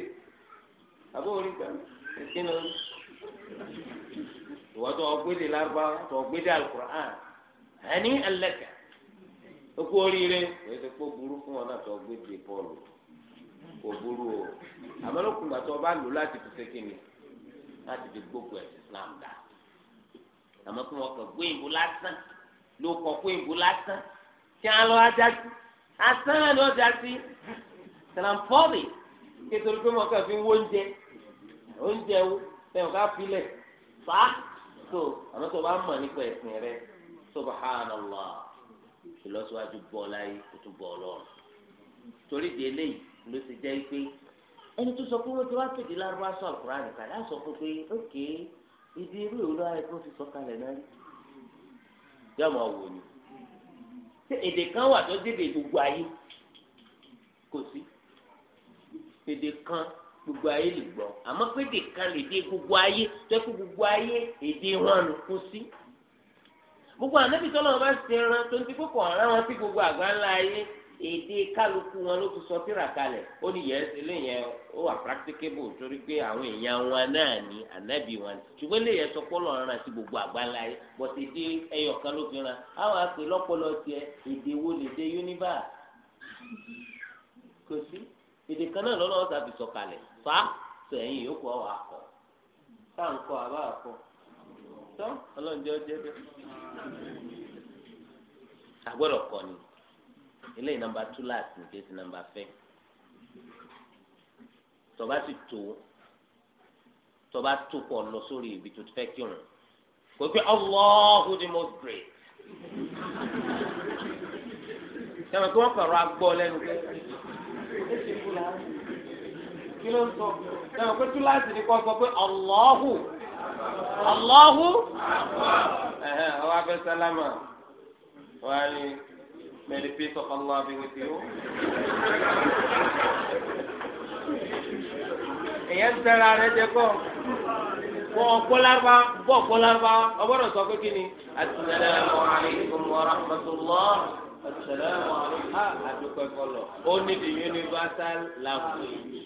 Speaker 3: àbúrò nìkan ìkíni
Speaker 1: ìwọ́n tó ọgbẹ́dẹ lágbá tó ọgbẹ́dẹ alukur'an ẹni ẹlẹ́kẹ̀ okú oríire wọ́n ti kó burú fún wọn tó gbé dé bọ́ọ̀lù kò burú o àmọ́ lókun gbà o bá lò láti fi ṣe kíni láti fi gbogbo ẹ̀sìn Islam dá àmọ́ kí wọ́n kàn gbé ìbò lásán ló kọ́ gbé ìbò lásán kí á lọ́ ajá sí asán ni ó já sí tẹ̀lánfọ́ọ̀lì kékeré pé wọ́n kàn fi ń wó oúnjẹ oúnjẹ wo ẹ̀ wọ́n ká filẹ̀ fa so àmọ́ tó o bá mọ̀ nípa ẹ̀sìn rẹ̀ subhanallah ìlọsíwájú bọ́ láyé kó tún bọ́ ọlọ́run torí di eléyìí ló ti jẹ́ pé ẹni tó sọ pé wọ́n ti wá pèdè lárúbá sọ àlùkùrá nìkan láti sọ pé ókè ibi irú ìwúlò ayé tó ti sọ kalẹ̀ náà yóò máa wò ni ṣé èdè kan wà tó dédè gbogbo ayé kò sí èdè kan gbogbo ayé lè gbọ́ àmọ́ pédè kan lè dé gbogbo ayé tó kó gbogbo ayé èdè wọn kò sí. gbogbo ànábì tọ́lọ̀ bá ti ran tó ń ti kókò ọ̀ràn wọn tí gbogbo àgbá ńlá ayé èdè kálukú wọn ló ti sọ síra kalẹ̀ ó ní yẹn eléyẹn ó wà practicable torí pé àwọn èèyàn wọn náà ní ànábì wọn ṣùgbọ́n eléyẹn sọ pé gbogbo àgbá ńlá ayé bọ̀tẹ̀ èdè ló fi ran àwọn àpè lọ́pọ̀lọ́ tiẹ̀ èdè wo lè dé yúnívà kò sí èdè kan náà lọ́lọ́wọ́ sọ kalẹ̀
Speaker 5: tọ́ ọlọ́run jẹ́ ọjẹ́ bẹ́ẹ̀.
Speaker 1: àgbọ̀dọ̀ kọ́ ni eléyìí nàmbà tú láti ní kéésì nàmbà fẹ́ tọba ti tó tọba tó pọ̀ lọ sórí ibi tó fẹ́ kírun kò pé Allahu the most great sọ̀rọ̀ kí wọ́n pẹ̀rọ agbọ́ lẹ́nu pé
Speaker 3: kí ló ń sọ sọ̀rọ̀ pé túláàsì ni kò sọ pé Allahu. Allahu
Speaker 1: ọwọ́ abẹ́ sálámà
Speaker 5: wà ní mẹ́rin píṣọ ọlọ́ abẹ́wò tí ó.
Speaker 2: èyẹ ń tẹ́ra rẹ jẹ kọ́ bọ́ ọ̀pọ̀lárúbá
Speaker 1: bọ́ ọ̀pọ̀lárúbá ọgbọ́dọ̀ sọ pé kí ni. asalaamu alaykum wa rahmatulah asalaamu alaykum adúpẹ́ kọlọ̀ ó ní the universal language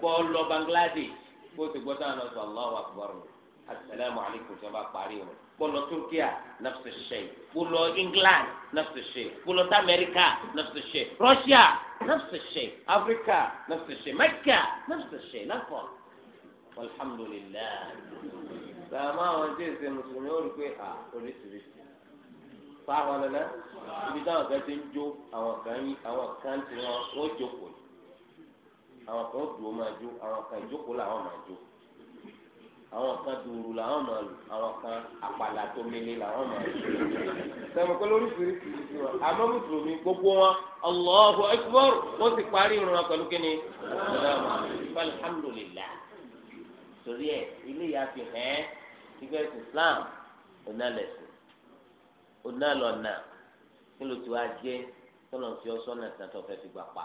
Speaker 1: bọ́ Bangladesh bó ti gbọ́ sáà lọ sọ Allahu akbar asalaamu alaykum ṣe bá parí o kpọlọ turkiya nafsi ṣe kpọlọ england nafsi ṣe kpọlọ tamẹrika nafsi ṣe russia nafsi ṣe africa nafsi ṣe mecca nafsi ṣe lafọ alhamdulilayi sàmà àwọn tí èsè mùsùlùmí ó rí pé à oríṣiríṣi fáwọn nana ibi táwọn kan ti ń jó àwọn kan ti wọn ó jókòó àwọn kan dùn ó máa jó àwọn kan ìjókòó làwọn máa jó àwọn kan dùrù làwọn máa lù àwọn kan àpàlà tó mele làwọn máa lù
Speaker 3: sẹ́mi pé lóríṣiríṣi ìṣe wa àmọ́ mùsùlùmí gbogbo wọn
Speaker 1: Allahu akbar ó sì parí ìrun wọn pẹ̀lú kíni alhamdulilah torí ẹ ilé yà fi hẹ́n ìgbẹ́ Islam onálẹ̀sìn onálọ̀nà kí ló ti wá jẹ́ tọ́lọ̀ fi ọ́ sọ́nà ìtàn tó fẹ́ fi gbà pa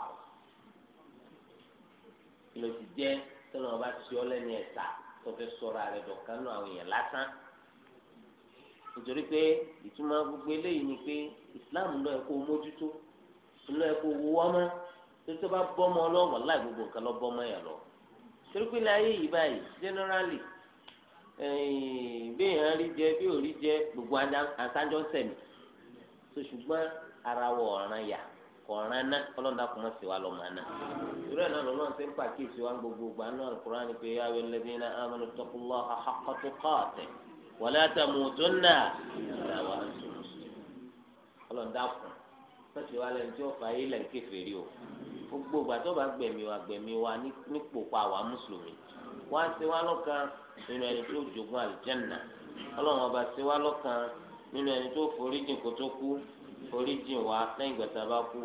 Speaker 1: kí ló ti jẹ́ tọ́lọ́ ọba ti ọ lẹ́nu ẹ̀ta tó fẹ́ sọ̀rọ̀ àrẹ dọ̀kan náà àwọn èèyàn lásán nítorí pé ìtumọ̀ gbogbo eléyìí ni pé Islam lọ ẹ̀kọ́ mójútó lọ ẹ̀kọ́ owó ọmọ torí tó bá bọ́mọ ọlọ́wọ́ láì gbogbo nǹkan lọ bọ́mọ yẹn lọ torí pé láyé yìí báyìí generally béèyàn rí jẹ bí ò rí jẹ gbogbo àtàjọ sẹ̀mí so ṣùgbọ́n ara wọ̀ ọ̀ràn yà kọ̀ọ̀rán ná ọlọ́run dàkú mọ́ sí wa lọ́ọ́ máa ná ìrú ẹ̀ náà lọ́lọ́run ṣe ń pàkíyèsí wa ń gbogbo ìgbà náà Al-Qur'ani pé ya ayyuhal ladhina amanu ittaqullaha haqqa tuqatihi wa la tamutunna illa wa antum muslimun ọlọ́run dàkú mọ́ sí wa lẹ́nu tí ó fa ilẹ̀ o gbogbo ìgbà tó bá wa gbẹ̀mí wa nípò pa wa mùsùlùmí wá sí wa lọ́kàn nínú ẹni tó jogún àlùjánnà ọlọ́run ọba sí wa lọ́kàn nínú ẹni tó foríjìn kó foríjìn wa lẹ́yìn ìgbà tá a bá kú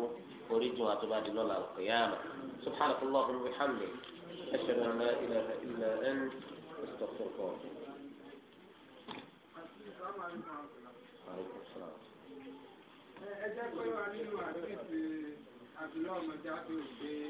Speaker 1: foríjìn wa tó bá di lọ́la al-qiyamah subhanahu wa ta'ala wa hamdi ashhadu an la ilaha
Speaker 5: illa anta astaghfiruka
Speaker 2: wa atubu ilayk.
Speaker 4: ẹ jẹ́ pé wàá nínú àdéhùn àbúrò ọmọdé àti òṣèré.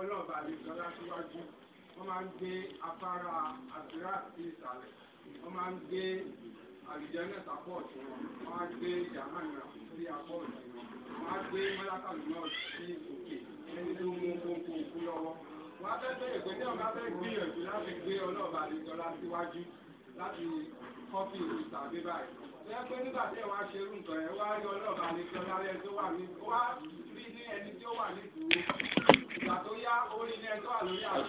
Speaker 4: ọlọ́ọ̀bà àdìsọ́lá síwájú wọ́n máa ń gbé afárá àdúrà sí ìsàlẹ̀ wọ́n máa ń gbé àlùjẹ́nẹ̀ sápọ̀ ọ̀tún wọn wọ́n á gbé yàmánà sí apọ̀ ọ̀tún wọn wọ́n á gbé mọ́lákàlù náà sí òkè ẹni tó mú kókó òkú lọ́wọ́ wọ́n á fẹ́ bẹ̀rẹ̀ pé ní ọ̀gá fẹ́ gbìyànjú láti gbé ọlọ́ọ̀bà àdìsọ́lá síwájú láti kọ́fì ìta bí báyìí. Ẹ pé nígbà tí ẹ wá ṣe nǹkan ẹ wá rí ọlọ́ọ̀bà àdìsọ́lá rẹ tó wà ní alhamdulillah alhamdulillah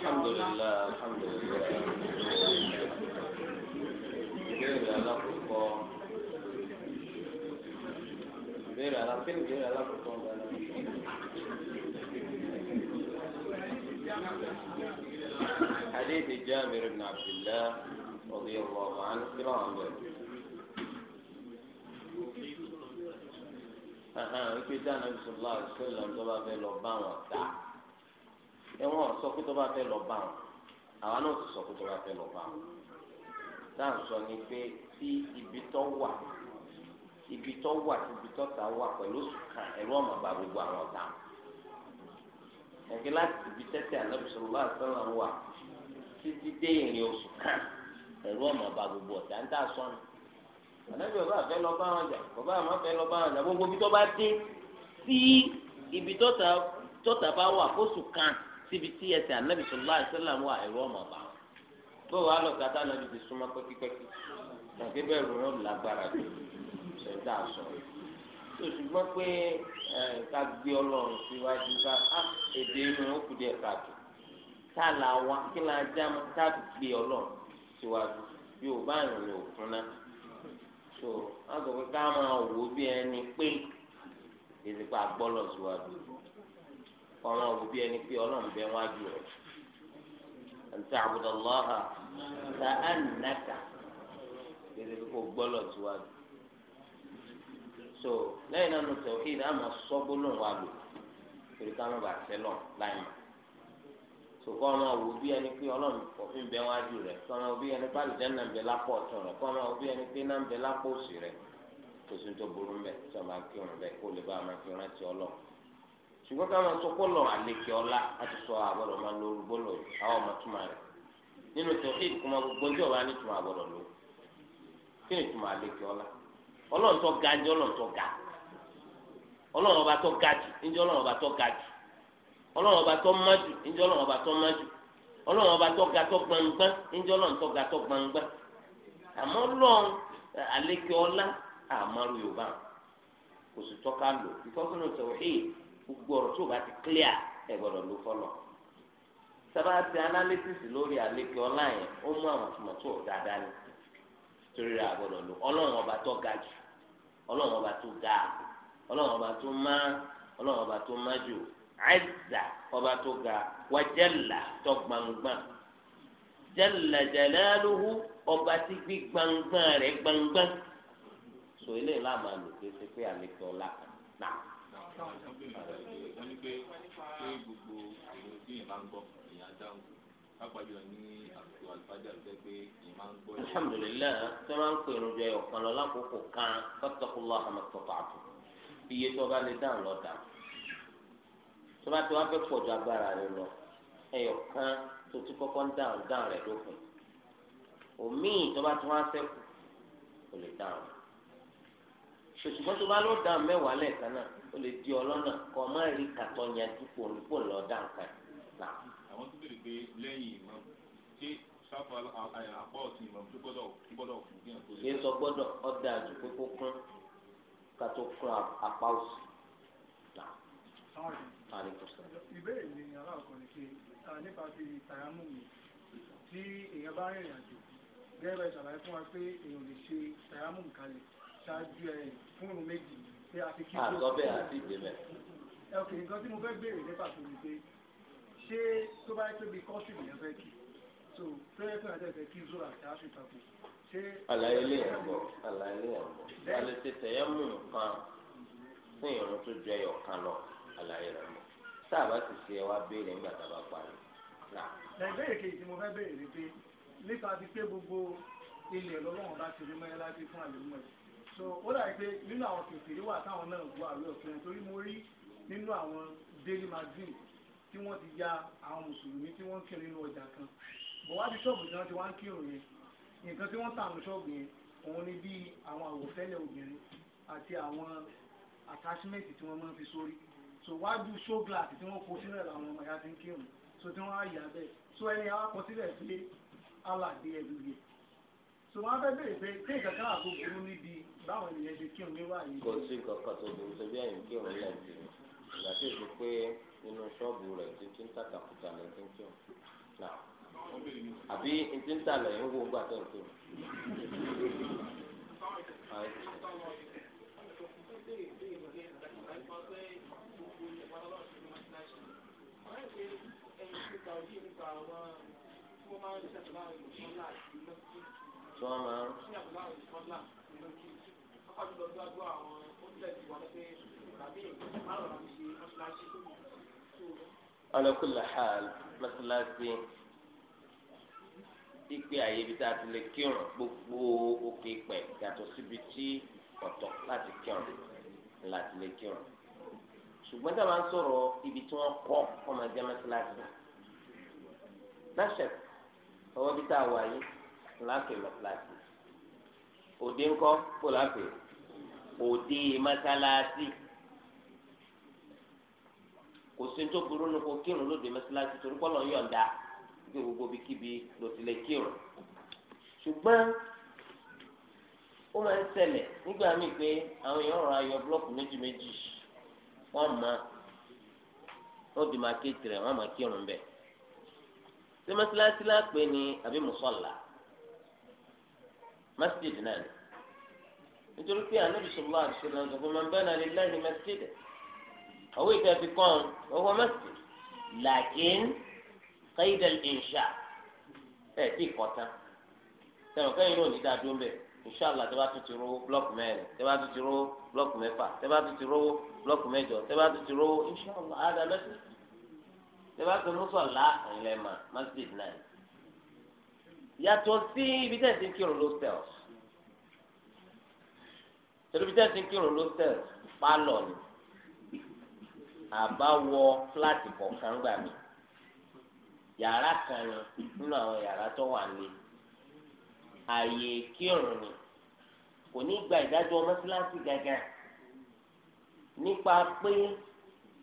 Speaker 5: ìbéèrè alákòókò
Speaker 2: ìbéèrè alákòókò ìbéèrè alákòókò ọ̀gá náà. حديث
Speaker 5: جابر بن عبد الله رضي الله عنه كرام
Speaker 2: أها في كتاب النبي
Speaker 1: صلى الله عليه وسلم تبع في لبان وقتها ẹ̀wọ̀n sọ pé tó bá fẹ́ lọ bá wọn àwa náà sì sọ pé tó bá fẹ́ lọ bá wọn dáà ń sọ ni pé tí ibi tó wà ibi tó wà tí ibi tó ta wà pẹ̀lú sùkà ẹ̀rọ ọ̀mà bá gbogbo àwọn ọ̀tá ẹ̀kẹ́ láti ibi tẹ́tẹ́ ànábìsọ̀rọ̀ bá àtẹ́lẹ̀ wà títí dé ìrìn oṣù kan ẹ̀rọ ọ̀mà bá gbogbo ọ̀tá ń dà sọ́nù ànábì ọba àfẹ́ lọ bá wọn jà bàbá àmọ́ fẹ́ lọ bá wọn jà gbogbo ibi tó bá dé sí ibi tó ta bá wà kó sùkà síbi tí ẹsẹ̀ anabi sọlá ìṣẹ̀lẹ̀ wà ẹ̀rọ ọmọ bá wọn bó wàá lọ kàtà anabi ti súnmọ́ pẹ́kípẹ́kí nàgbé bẹ́ẹ̀ rò wọn lágbára jù ṣẹ̀dá sọ tó ṣùgbọ́n pé ká gbé ọlọ́run síwájú ká èdè inú ó kù díẹ̀ káàtó tá a là wá kí la já mọ́ ká gbé ọlọ́run síwájú yóò bá ìrìn lò fún náà so wọn sọ pé ká máa wò ó bí ẹni pé èsì pa gbọ́lọ̀ síwájú ọmọ wò bí ẹni pé ọlọ́run bẹ wájú rẹ̀ an ta'budu Allaha so lẹ́yìn náà nùtẹ̀ òkè ìdá àmọ́ sọ́gbóló wa lò torí ká má bàa tẹ́lọ̀ láì mọ̀. so kọ́ ọmọ wò bí ẹni pé ọlọ́run òfin bẹ wájú rẹ̀ kọ́ ọmọ wò bí ẹni pé àlùjánnà ń bẹ lápò ọ̀tún rẹ̀ kọ́ ọmọ wò bí ẹni pé náà bẹ lápò òsì rẹ̀ kò sí ní burú mbẹ tí ọmọ akérò mbẹ kó lè bá ọmọ akérò rántí ọlọ́run. ṣùgbọ́n ká máa sọ kọ́lọ̀ àlekè ọlá àti sọ àgbọ̀dọ̀ máa lo olùgbòlò àwọn ọmọ rẹ̀ nínú kó máa gbogbo ní ọ̀rá nítumọ̀ lò kí ni àlekè ọlá ọlọ́run ga ní ọlọ́run tó ga ọlọ́run ọba tó ga jù ní ọlọ́run ọba tó ga jù ọlọ́run ọba tó má jù ní ọlọ́run ọba tó má jù ọlọ́run ọba tó ga tó ní ọlọ́run tó ga tó gbogbo ọ̀rọ̀ tó bá ti clear ẹ ló fọlọ sábà ti analysis lórí àlekè ọlá yẹn ó mú àwọn tòmọ tó dáadáa ni torí rẹ̀ àgbọ́dọ̀ lò Ọlọ́run ọba tó ga jù Ọlọ́run ọba tó ga ọba tó má Ọlọ́run ọba tó má jù ga tó gbangban jẹlẹ jẹlẹ ọba tí gbí gbangban rẹ̀ gbangban so eléyìí láàmú àlòkè ṣe pé àlekè ọlá kan
Speaker 5: táwọn ṣe ń pè mí àgbà ìṣe wọn ní pé pé gbogbo àwọn tí yìí máa ń gbọ́ èèyàn dáhùn pápájọ ní àsìkò àlùfájà ló jẹ́ pé èèyàn máa ń gbọ́. alhamdulilayi
Speaker 1: tí wọn máa ń pè irun jẹ ọ̀kan lọ lákòókò kan fọtọkùnlọ àmọtọkọ àbò iye tó bá lè dáhùn lọ dà tó bá ti wá fẹ́ pọ̀jù agbára rẹ lọ ẹyọ kan tó ti kọ́kọ́ ń dáhùn dáhùn rẹ lópin òmíì tó bá ti wá sẹ́kù kò lè dáhùn ṣùgbọ́n tó bá ló dáhùn mẹ́wàá lẹ́ẹ̀kan náà o lè di ọlọ́nà kọ́ ọ má rí kàtọ́ yanjú kò lọ dá nǹkan
Speaker 5: náà. àwọn tó bèrè pé lẹ́yìn ìmọ̀ ṣé sáfà àpá ọ̀tún ìmọ̀ tó gbọ́dọ̀ gbọ́dọ̀ fún kí n tó lè. yé sọ gbọ́dọ̀ ọ̀dà pé kó kún ká tó
Speaker 1: kún apá òsì.
Speaker 3: ìbéèrè mi aláàkọ́ pé nípa ti tàyámù mi tí èèyàn bá rìnrìn àjò gẹ́gẹ́ bá ṣàlàyé fún wa pé èèyàn lè ṣe tàyámù kalẹ̀ ṣáájú ẹ̀ fún àtọ́bẹ̀ àti ìdílẹ̀. ok nǹkan tí mo fẹ́ béèrè nípa tó ní pé ṣé tó bá yẹ pé bí kọ́ọ̀sì nìyẹn fẹ́ kí so fẹ́rẹ́ fún àtẹ̀fẹ́ kí zoro àti áfíríkà kù ṣé. àlàyé lè yàn bọ̀
Speaker 1: àlàyé lè yàn bọ̀ ìbálẹ̀ ti tẹ̀yẹ́ mú nǹkan fún ìrún tó ju ẹyọ kan lọ àlàyé rẹ̀ mọ̀ tá a bá ti ṣe wa béèrè
Speaker 5: nígbà tá a bá parí.
Speaker 3: nàìjíríà kejì tí mo fẹ́ béèrè ni pé nípa ti pé gbogbo ilẹ̀ lọ́wọ́ so ó dàbí pé nínú àwọn kèfèrè wà táwọn náà wà rí ọ̀fẹ́ nítorí mo rí nínú àwọn daily magazine tí wọ́n ti ya àwọn mùsùlùmí tí wọ́n ń kírun nínú ọjà kan bọ̀wádìí ṣọ́ọ̀bù tí wọ́n ti wá ń kírun yẹn nǹkan tí wọ́n tà ní ṣọ́ọ̀bù yẹn òun ni bí àwọn àwòfẹ́lẹ̀ obìnrin àti àwọn attachment tí wọ́n máa ń fi sórí so wájú show glass tí wọ́n kó sílẹ̀ làwọn ọmọ ya ti ń kírun so tí wọ́n á yà bẹ́ẹ̀ so ẹni àwọn akọsílẹ̀ pé aládé ẹ̀dùn yẹn sùnwọ́n abẹ́bẹ̀ ìfẹ́ tí ìkankan àgbo burú níbi báwọn ènìyàn ṣe kírun níwá yìí. kò sí
Speaker 5: kankan tó burú tó bí ẹ̀yìn kírun lẹ́ǹdì ìgbà tí èso pé inú ṣọ́ọ̀bù rẹ̀ ti ń tàkàkùtà lẹ́ ti ń kírun náà àbí ti ń tàlẹ̀ ń wo gbà tó ń kírun. Thank you tí wọ́n máa ń.
Speaker 1: ala kulli hal mọ́sálásí ìpè àyè ibi tá a ti lè kírun gbogbo òkè pẹ̀ yàtọ̀ síbi tí ọ̀tọ̀ láti kírun láti lè kírun ṣùgbọ́n tá a máa ń sọ̀rọ̀ ibi tí wọ́n kọ́ ọmọ ẹgbẹ́ mọ́sálásí láṣẹ ọwọ́ bí tá a wà yìí láti mọ́sálásí òde ńkọ́ kó láti òde mọ́sálásí kò sí tó burú nu kó kírun lóde mọ́sálásí torí kọ́ lọ́ọ́ yọ̀ǹda bí gbogbo bíkíbi ló ti lè kírun ṣùgbọ́n ó máa ń ṣẹlẹ̀ nígbà míì pé àwọn èèyàn rọra yọ búlọ́ọ̀kù méjì méjì wọ́n mọ wọ́n máa kéjì rẹ̀ wọ́n máa kírun bẹ́ẹ̀ ṣé mọ́sálásí ni àbí mùsọ̀lá masjid náà ni nítorí pé anabi sọlá àṣìṣẹlẹ ọsàn fún man bana lillahi masjid ọwọ ìtàfi kan ọwọ masjid làkín qaidal insha ẹ ti kọta sẹwọn kẹyìn náà ní dáadó mbẹ inshàlá tẹ bá tún ti rówó blọọkù mẹ́rin tẹ bá tún ti rówó blọọkù mẹ́fà tẹ bá tún ti rówó blọọkù mẹ́jọ tẹ bá tún ti rówó inshàlá àdá tẹ bá tún mú sọlá ẹ̀yìn masjid náà yàtọ̀ sí ibi tẹ̀ sí kírun lóstẹ̀lì torí ibi tẹ̀ sí kírun lóstẹ̀lì pálọ̀ ni àbáwọ fúláàtì kọ̀ọ̀kan gbà mí yàrá kan ni nínú àwọn yàrá tó wà ní ààyè kírun ni kò ní gba ìdájọ́ mọ́sálásí gángan nípa pé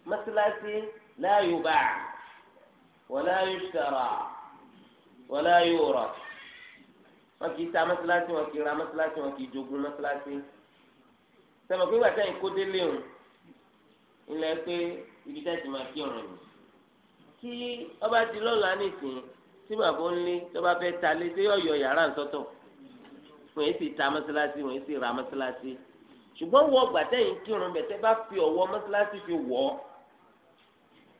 Speaker 1: mọ́sálásí la yubaa wa la yushtara wọlé ayé òrọ̀ wọn kì í ta mọ́sálásí wọn kì í ra mọ́sálásí wọn kì í jogún mọ́sálásí sẹ́mi pé gbàtà yìí kó délé o ilẹ̀ pé ibi tá a ti máa kí ọ̀rọ̀ yìí kí ọba ti lọ́la nìsín tí bàbá ń lé tó bá fẹ́ ta lé sí ọ̀yọ́ yàrá nsọ́tọ̀ wọ́n yìí sì ta mọ́sálásí wọ́n yìí sì ra mọ́sálásí ṣùgbọ́n wọ gbàtà yìí kírun bẹ̀ tẹ́ bá fi ọwọ́ mọ́sálásí fi wọ̀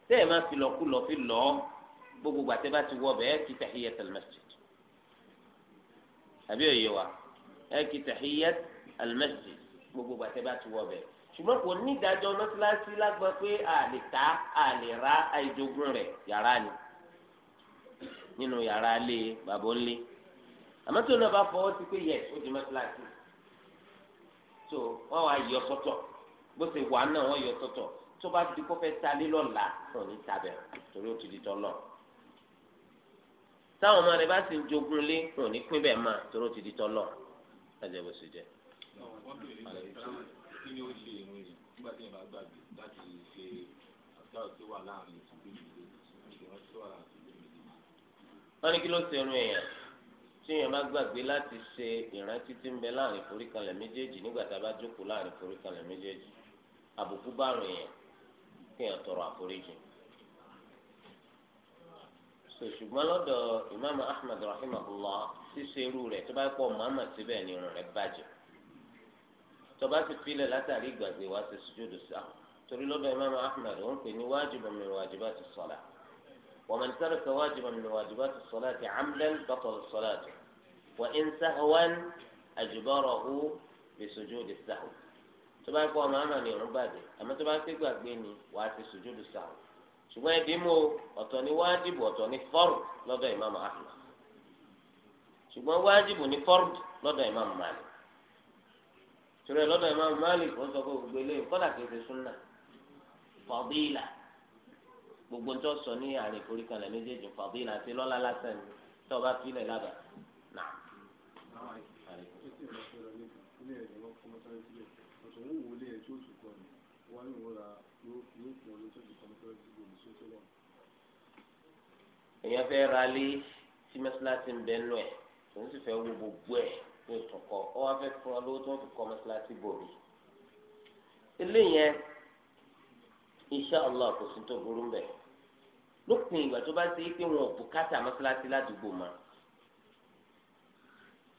Speaker 1: tẹ́ ẹ̀ máa fi lọ́kù lọ́ fi lọ́ gbogbo gbàtẹ́ bá ti wọ ọbẹ̀ ẹ kí tahiyat al-masjid àbí òye wa ẹ kí tahiyat al-masjid gbogbo gbàtẹ́ bá ti wọ ọbẹ̀ ṣùgbọ́n kò ní ìdájọ́ mọ́tíláṣí lágbọ́n pé a lè ta a lè ra àìjogún rẹ̀ yàrá ni nínú yàrá lé bàbá ńlé àmọ́ tó náà bá fọwọ́ sí pé yẹ ó di mọ́tíláṣí tó wọ́n wá yọ sọ́tọ̀ bó ṣe wà náà wọ́n yọ sọ́tọ̀ tó bá di kó fẹ́ ta lé lọ́la tó ní tabẹ̀ torí ó ti di tọ́ lọ́ọ̀ táwọn ọmọ rẹ bá sì ń jogún lé wọn ò ní pín bẹ́ẹ̀ máa tóró ti di tọ́lọ̀ ẹ̀jẹ̀ bó ṣe jẹ́. wọ́n ní kí ló ṣe irun èèyàn tí èèyàn bá gbàgbé láti ṣe ìrántí tí ń bẹ láàrin ìforíkanlẹ̀ méjèèjì nígbà bá jókòó láàrin ìforíkanlẹ̀ méjèèjì àbùkù bá rùn èèyàn tọrọ àforíjì ṣùgbọ́n lọ́dọ̀ imam ahmed rahimahullah ṣíṣe irú rẹ̀ tó bá pọ̀ màmá síbẹ̀ ni irun rẹ̀ bàjẹ́ tó bá ti filẹ̀ látàrí ìgbàgbé wa ti sùjúdù sáà torí lọ́dọ̀ imam ahmed ó ń pè ní wájibun min wajibati salat wa man taraka wájibun min wajibati salati amdan batala salatu wa in sahwan ajbarahu bi sujudi sahwi tó bá pọ̀ màmá ni irun bàjẹ́ àmọ́ tó bá ti gbàgbé ṣùgbọ́n ẹbí mú ọ̀tọ̀ ní wájibù ọ̀tọ̀ ní fọ́rù lọ́dọ̀ ìmáàmù Ahmad ṣùgbọ́n wájibù ní fọ́rù lọ́dọ̀ ìmáàmù Malik torí ẹ lọ́dọ̀ ìmáàmù Malik wọ́n sọ pé gbogbo eléyìí kọ́dà kìí ṣe súnà fàdílà gbogbo ń tọ́ sọ ní àárín ìforíkalẹ̀ méjèèjì fàdílà àti lọ́lá lásán tó bá filẹ̀ lábà náà. wọ́n ń èèyàn fẹ́ ra lé tí mọ́sálásí ń bẹ nù ẹ̀ tòun sì fẹ́ wo gbogbo ẹ̀ tó tún kọ́ ọ wá fẹ́ fún ọ lówó tó ń fi kọ́ mọ́sálásí bòrí. ilé yẹn insha Allah kò sí tó burú mbẹ lópin ìgbà tó bá ti pé wọn ò bùkátà mọ́sálásí ládùúgbò mọ́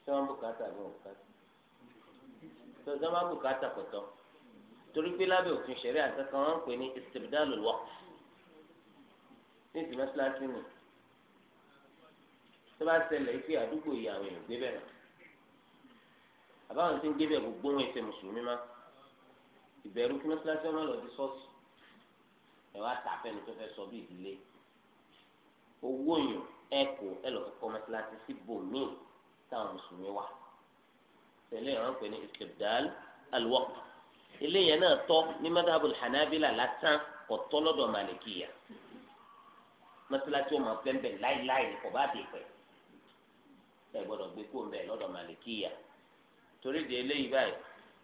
Speaker 1: tí wọ́n bùkátà ni wọ́n bùkátà tí wọ́n bá bùkátà pẹ̀tọ́ torí pé lábẹ́ òfin ṣẹ̀rí àtẹ́kọ̀ọ́ wọn ń pè ní istibdalul waqf ní ìsìn mọ́sálásí tó bá ṣẹlẹ̀ pé àdúgbò ìyàwó èèyàn gbé bẹ̀rẹ̀ àbáwọn tí ń gbé bẹ̀ gbogbo wọn ìfẹ́ mùsùlùmí má ìbẹ̀rù kí mọ́sálásí ọmọ lọ sí ṣọ́ọ̀ṣì ẹ̀ wá tà fẹ́ni tó fẹ́ sọ bí ìdílé owó yàn ẹ kò ẹ lọ kọ́ mọ́sálásí sí bòmíì táwọn mùsùlùmí wà tẹ̀lé ìrànpẹ́ ní ìṣẹ̀dál alwọ́p eléyẹn náà tọ́ ní madhabul hanabila lásán kò tọ́ lọ́dọ̀ màlìkìyà mọ́sálásí ọmọ pẹ́ńpẹ́ láíláí kò bá dé pẹ́ ẹ gbọ́dọ̀ gbé kó mbẹ lọ́dọ̀ malikiya torí di eléyìí báyìí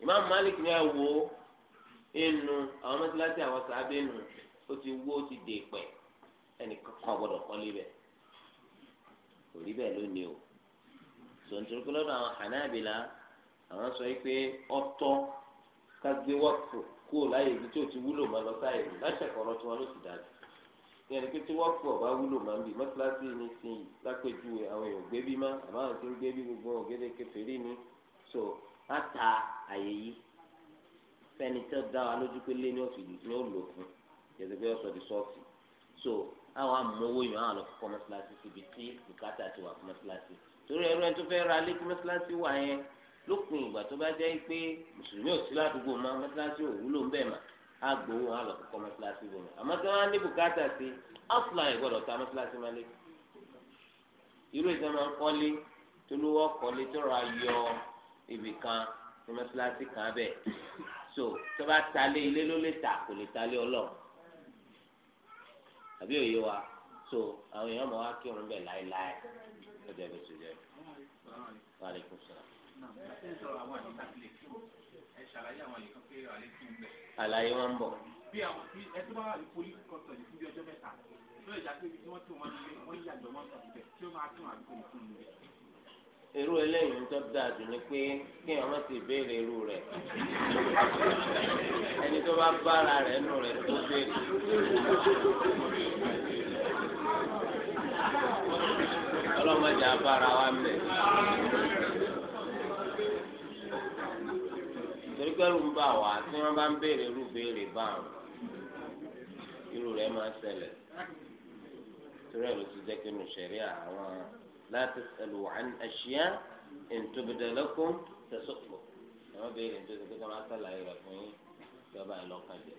Speaker 1: imam malik ni ẹ wo inú àwọn mẹsàlásì àwọn sàábẹ nù ó ti wó ti dè pẹ ẹnì kankan gbọ́dọ̀ kọ́lé bẹ kò rí lónìí o sọ̀ntorí pé lọ́dọ̀ àwọn hanabila àwọn sọ pé ọ̀tọ̀ ká gbé láyé ibi tí ó ti wúlò mọ́ lọ sáyé lọ́sẹ̀ kọ́rọ́ tí ló yẹn pé tí wọ́n fọ̀ bá wúlò máa ń bì mọ́tíláṣí ní sin yìí lápèjúwe àwọn èèyàn gbé bí má àmọ́ àwọn tí ń gbé bí gbogbo wọn gédé kèfèrí ni so á ta àyè yìí fẹ́ni tó dá wa lójú pé lé ní òsì ní ó lò fún yẹtọ̀ pé ọ̀sọ̀ di sọ́ọ̀tì so àwọn amówó yìí àwọn àlọ́ kọ́ mọ́tíláṣí síbi tí bùkátà ti wà fún mọ́tíláṣí torí ẹrú ẹni tó fẹ́ ra lé kí mọ́tíláṣí wà yẹn lópin ìgbà tó bá jẹ́ pé mùsùlùmí ò sí ládùúgbò má mọ́tíláṣí ò wúlò ń bẹ̀ mà agbowó wọn lọ kọ́kọ́ mọ́sálásí bò wọn àmọ́ tí wọ́n á ní bùkátà sí offline gbọ́dọ̀ ta mọ́sálásí máa lé irú ìṣe máa ń kọ́lé tó lówó kọ́lé tó ra yọ ibì kan ní mọ́sálásí kan bẹ́ẹ̀ so tó bá ta lé ilé ló lè tà kò lè ta lé ọlọ́run àbí òye wa so àwọn èèyàn máa wá kí òun bẹ̀ láéláé ọjọ́ ìbùsùn jẹ́ wàhálà ìkùnsùn
Speaker 5: ṣàlàyé àwọn àyíká pé àlékún ń bẹ. àlàyé wọn ń bọ̀. bí àwọn tí ẹ tó bá wà ní poli kọtọ yìí fún bí ọjọ́ mẹ́ta lórí ìjà pé ibi tí wọ́n tún wọn lé wọ́n yí àjọ wọn sọ̀tún bẹ̀ tí ó máa tún àdúgbò ní fún mi.
Speaker 1: irú eléyìí ń tọ́ da jù ni pé kí ọmọ ti béèrè irú rẹ̀ ẹni tó bá bára rẹ̀ nù rẹ̀ tó béèrè. ọlọ́mọdé abára wa mẹ́. torí pé ẹrù ń bà wá tí wọ́n bá ń béèrè irú béèrè bá wọn
Speaker 2: irú rẹ̀ máa ń ṣẹlẹ̀
Speaker 1: torí ẹ̀ ló ti jẹ́ pé nù sẹ̀rí àwọn láti sẹ̀lù àn àṣìyá ìtòbìdẹ̀lẹ́kùn tẹ̀sọ̀kọ̀ àwọn béèrè tó ti pé kí wọ́n ṣàlàyé rẹ̀ fún yín ìjọba ìlọ́kàn jẹ.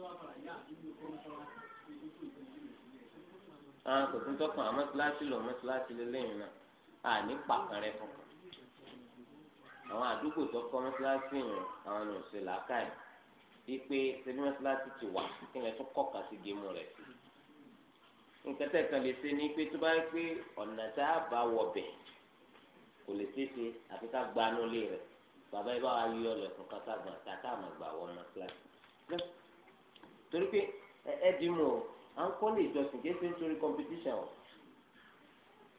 Speaker 5: Thank you
Speaker 1: àwọn kòtún tọkàn àwọn mọ́sálásí lọ mọ́sálásí lélẹ́yìn náà àní pàkan rẹ kankan àwọn àdúgbò tọkọ mọ́sálásí yẹn àwọn ni òsè làákàyè wípé ṣẹbi mọ́sálásí ti wà kí ẹ tún kọ́ka sí gémù rẹ̀ sí nǹkan tẹ̀ kan lè ṣe ni pé tó bá yẹ pé ọ̀nà tá a bá wọ bẹ̀ kò lè ṣe ṣe àfi ká gbanú lé rẹ̀ bàbá yìí bá wa yọ ọlẹ́kùn kátà gbọ̀n tá a máa gbà wọ à ń kọ́ lè jọsìn kí ẹ ṣe ń torí competition o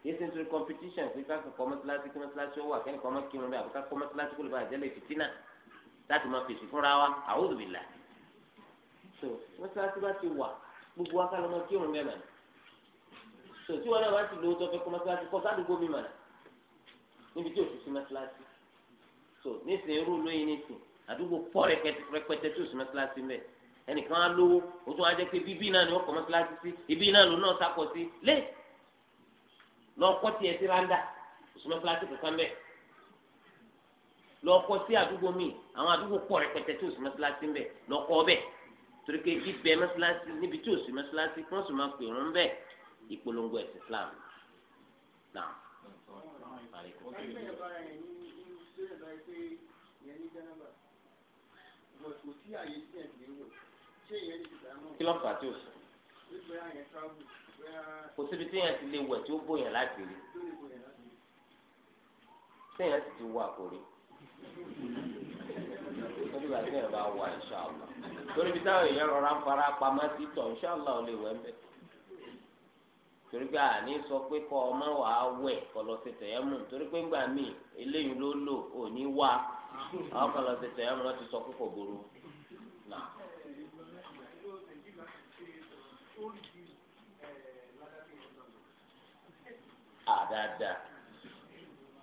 Speaker 1: kí ẹ ṣe ń torí competition pé ká kọ́ mọ́tíláṣí kí mọ́tíláṣí ó wà kí ẹnìkan mọ́ kírun bẹ́ẹ̀ àbí ká kọ́ mọ́tíláṣí kó lè bàa jẹ́lẹ̀ fìtínà láti máa fèsì fúnra wa a'udhu billah so mọ́tíláṣí bá ti wà gbogbo wa ká lọ́ mọ́ kírun bẹ́ẹ̀ mọ̀ so tí wọn náà wá ti lówó tó fẹ́ kọ́ mọ́tíláṣí kọ́ sádùúgbò mi mọ̀ níbi tí òṣìṣ so nísìnyí irú lóyún nísìn àdúgbò pọ̀ rẹpẹtẹ tó sì mọ́tíláṣí mẹ́ẹ̀ ẹnìkan á lówó o tún wá jẹ́ pé bíbí náà ni wọ́n kọ́ mọ́sálásí sí ibi náà ló náà sákọ̀ sí lé lọ́kọ́ tiẹ̀ sí ráńdà oṣù mọ́sálásí kankan bẹ́ẹ̀ lọ́kọ́ sí àdúgbò míì àwọn àdúgbò pọ̀ rẹpẹtẹ tí oṣù mọ́sálásí ń bẹ lọ́kọ́ bẹ́ẹ̀ torí pé bíbẹ mọ́sálásí níbi tí oṣù mọ́sálásí kí wọ́n sì máa pè wọ́n bẹ́ẹ̀ ìpolongo ẹ̀sìn Islam náà.
Speaker 3: Kò sí kí ló fà tí
Speaker 1: kò síbi tí yẹn ti lè wẹ̀ tí ó bóyàn láti rí tí yẹn ti ti wà kò rí
Speaker 4: lórí ìgbà
Speaker 2: tí wà ìṣàlọ lórí
Speaker 1: torí pé àní sọ pé kọ ọmọ wà á wẹ̀ kọ lọ sí torí pé ńgbà míì eléyìí ló lò ò ní wá lọ ti sọ pé
Speaker 5: burú
Speaker 3: à ah,
Speaker 5: dáadáa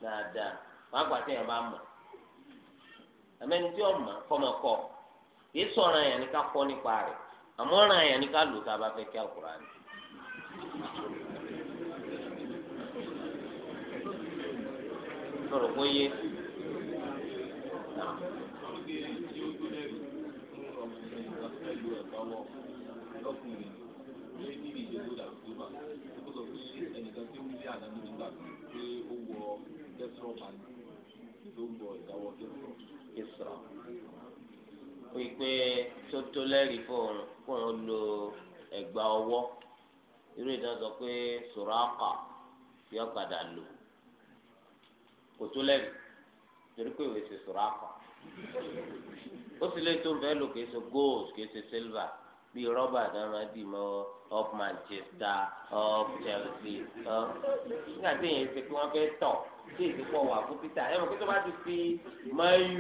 Speaker 1: dáadáa wọn àgbà tẹ̀yàn bá mọ̀ ma. tí ọ̀mà kọ́mọ kọ́ kì í sọ̀rọ̀ àyàn ní ká kọ́ nípa ní ká lò tá a bá
Speaker 5: kí lẹ́yìn ìjẹ́bú dàgbà tó sọ pé ẹnìkan tí ó ń lé àdánù nígbà pé ó wọ kẹsìrọ̀ bàálù ló ń wọ ìdáwọ́ kẹsìrọ̀. kẹsìrọ̀
Speaker 1: pípé tó tó lẹ́rìí fóun fóun lo ẹ̀gbà ọwọ́ irú ìdáná sọ pé sòràkà yọ padà lò kò tó lẹ́rìí torí pé ìwé ṣe sòràkà ó sì lè tó bẹ́ẹ̀ lò kìí ṣe gold kìí ṣe silver bí rọ́bà dáná di mọ́ of Manchester of Chelsea nígbà tí èyàn ṣe pé wọ́n fẹ́ tọ̀ tí èyí pọ̀ wà fún títà ẹ̀rọ pé tó bá ti fi Man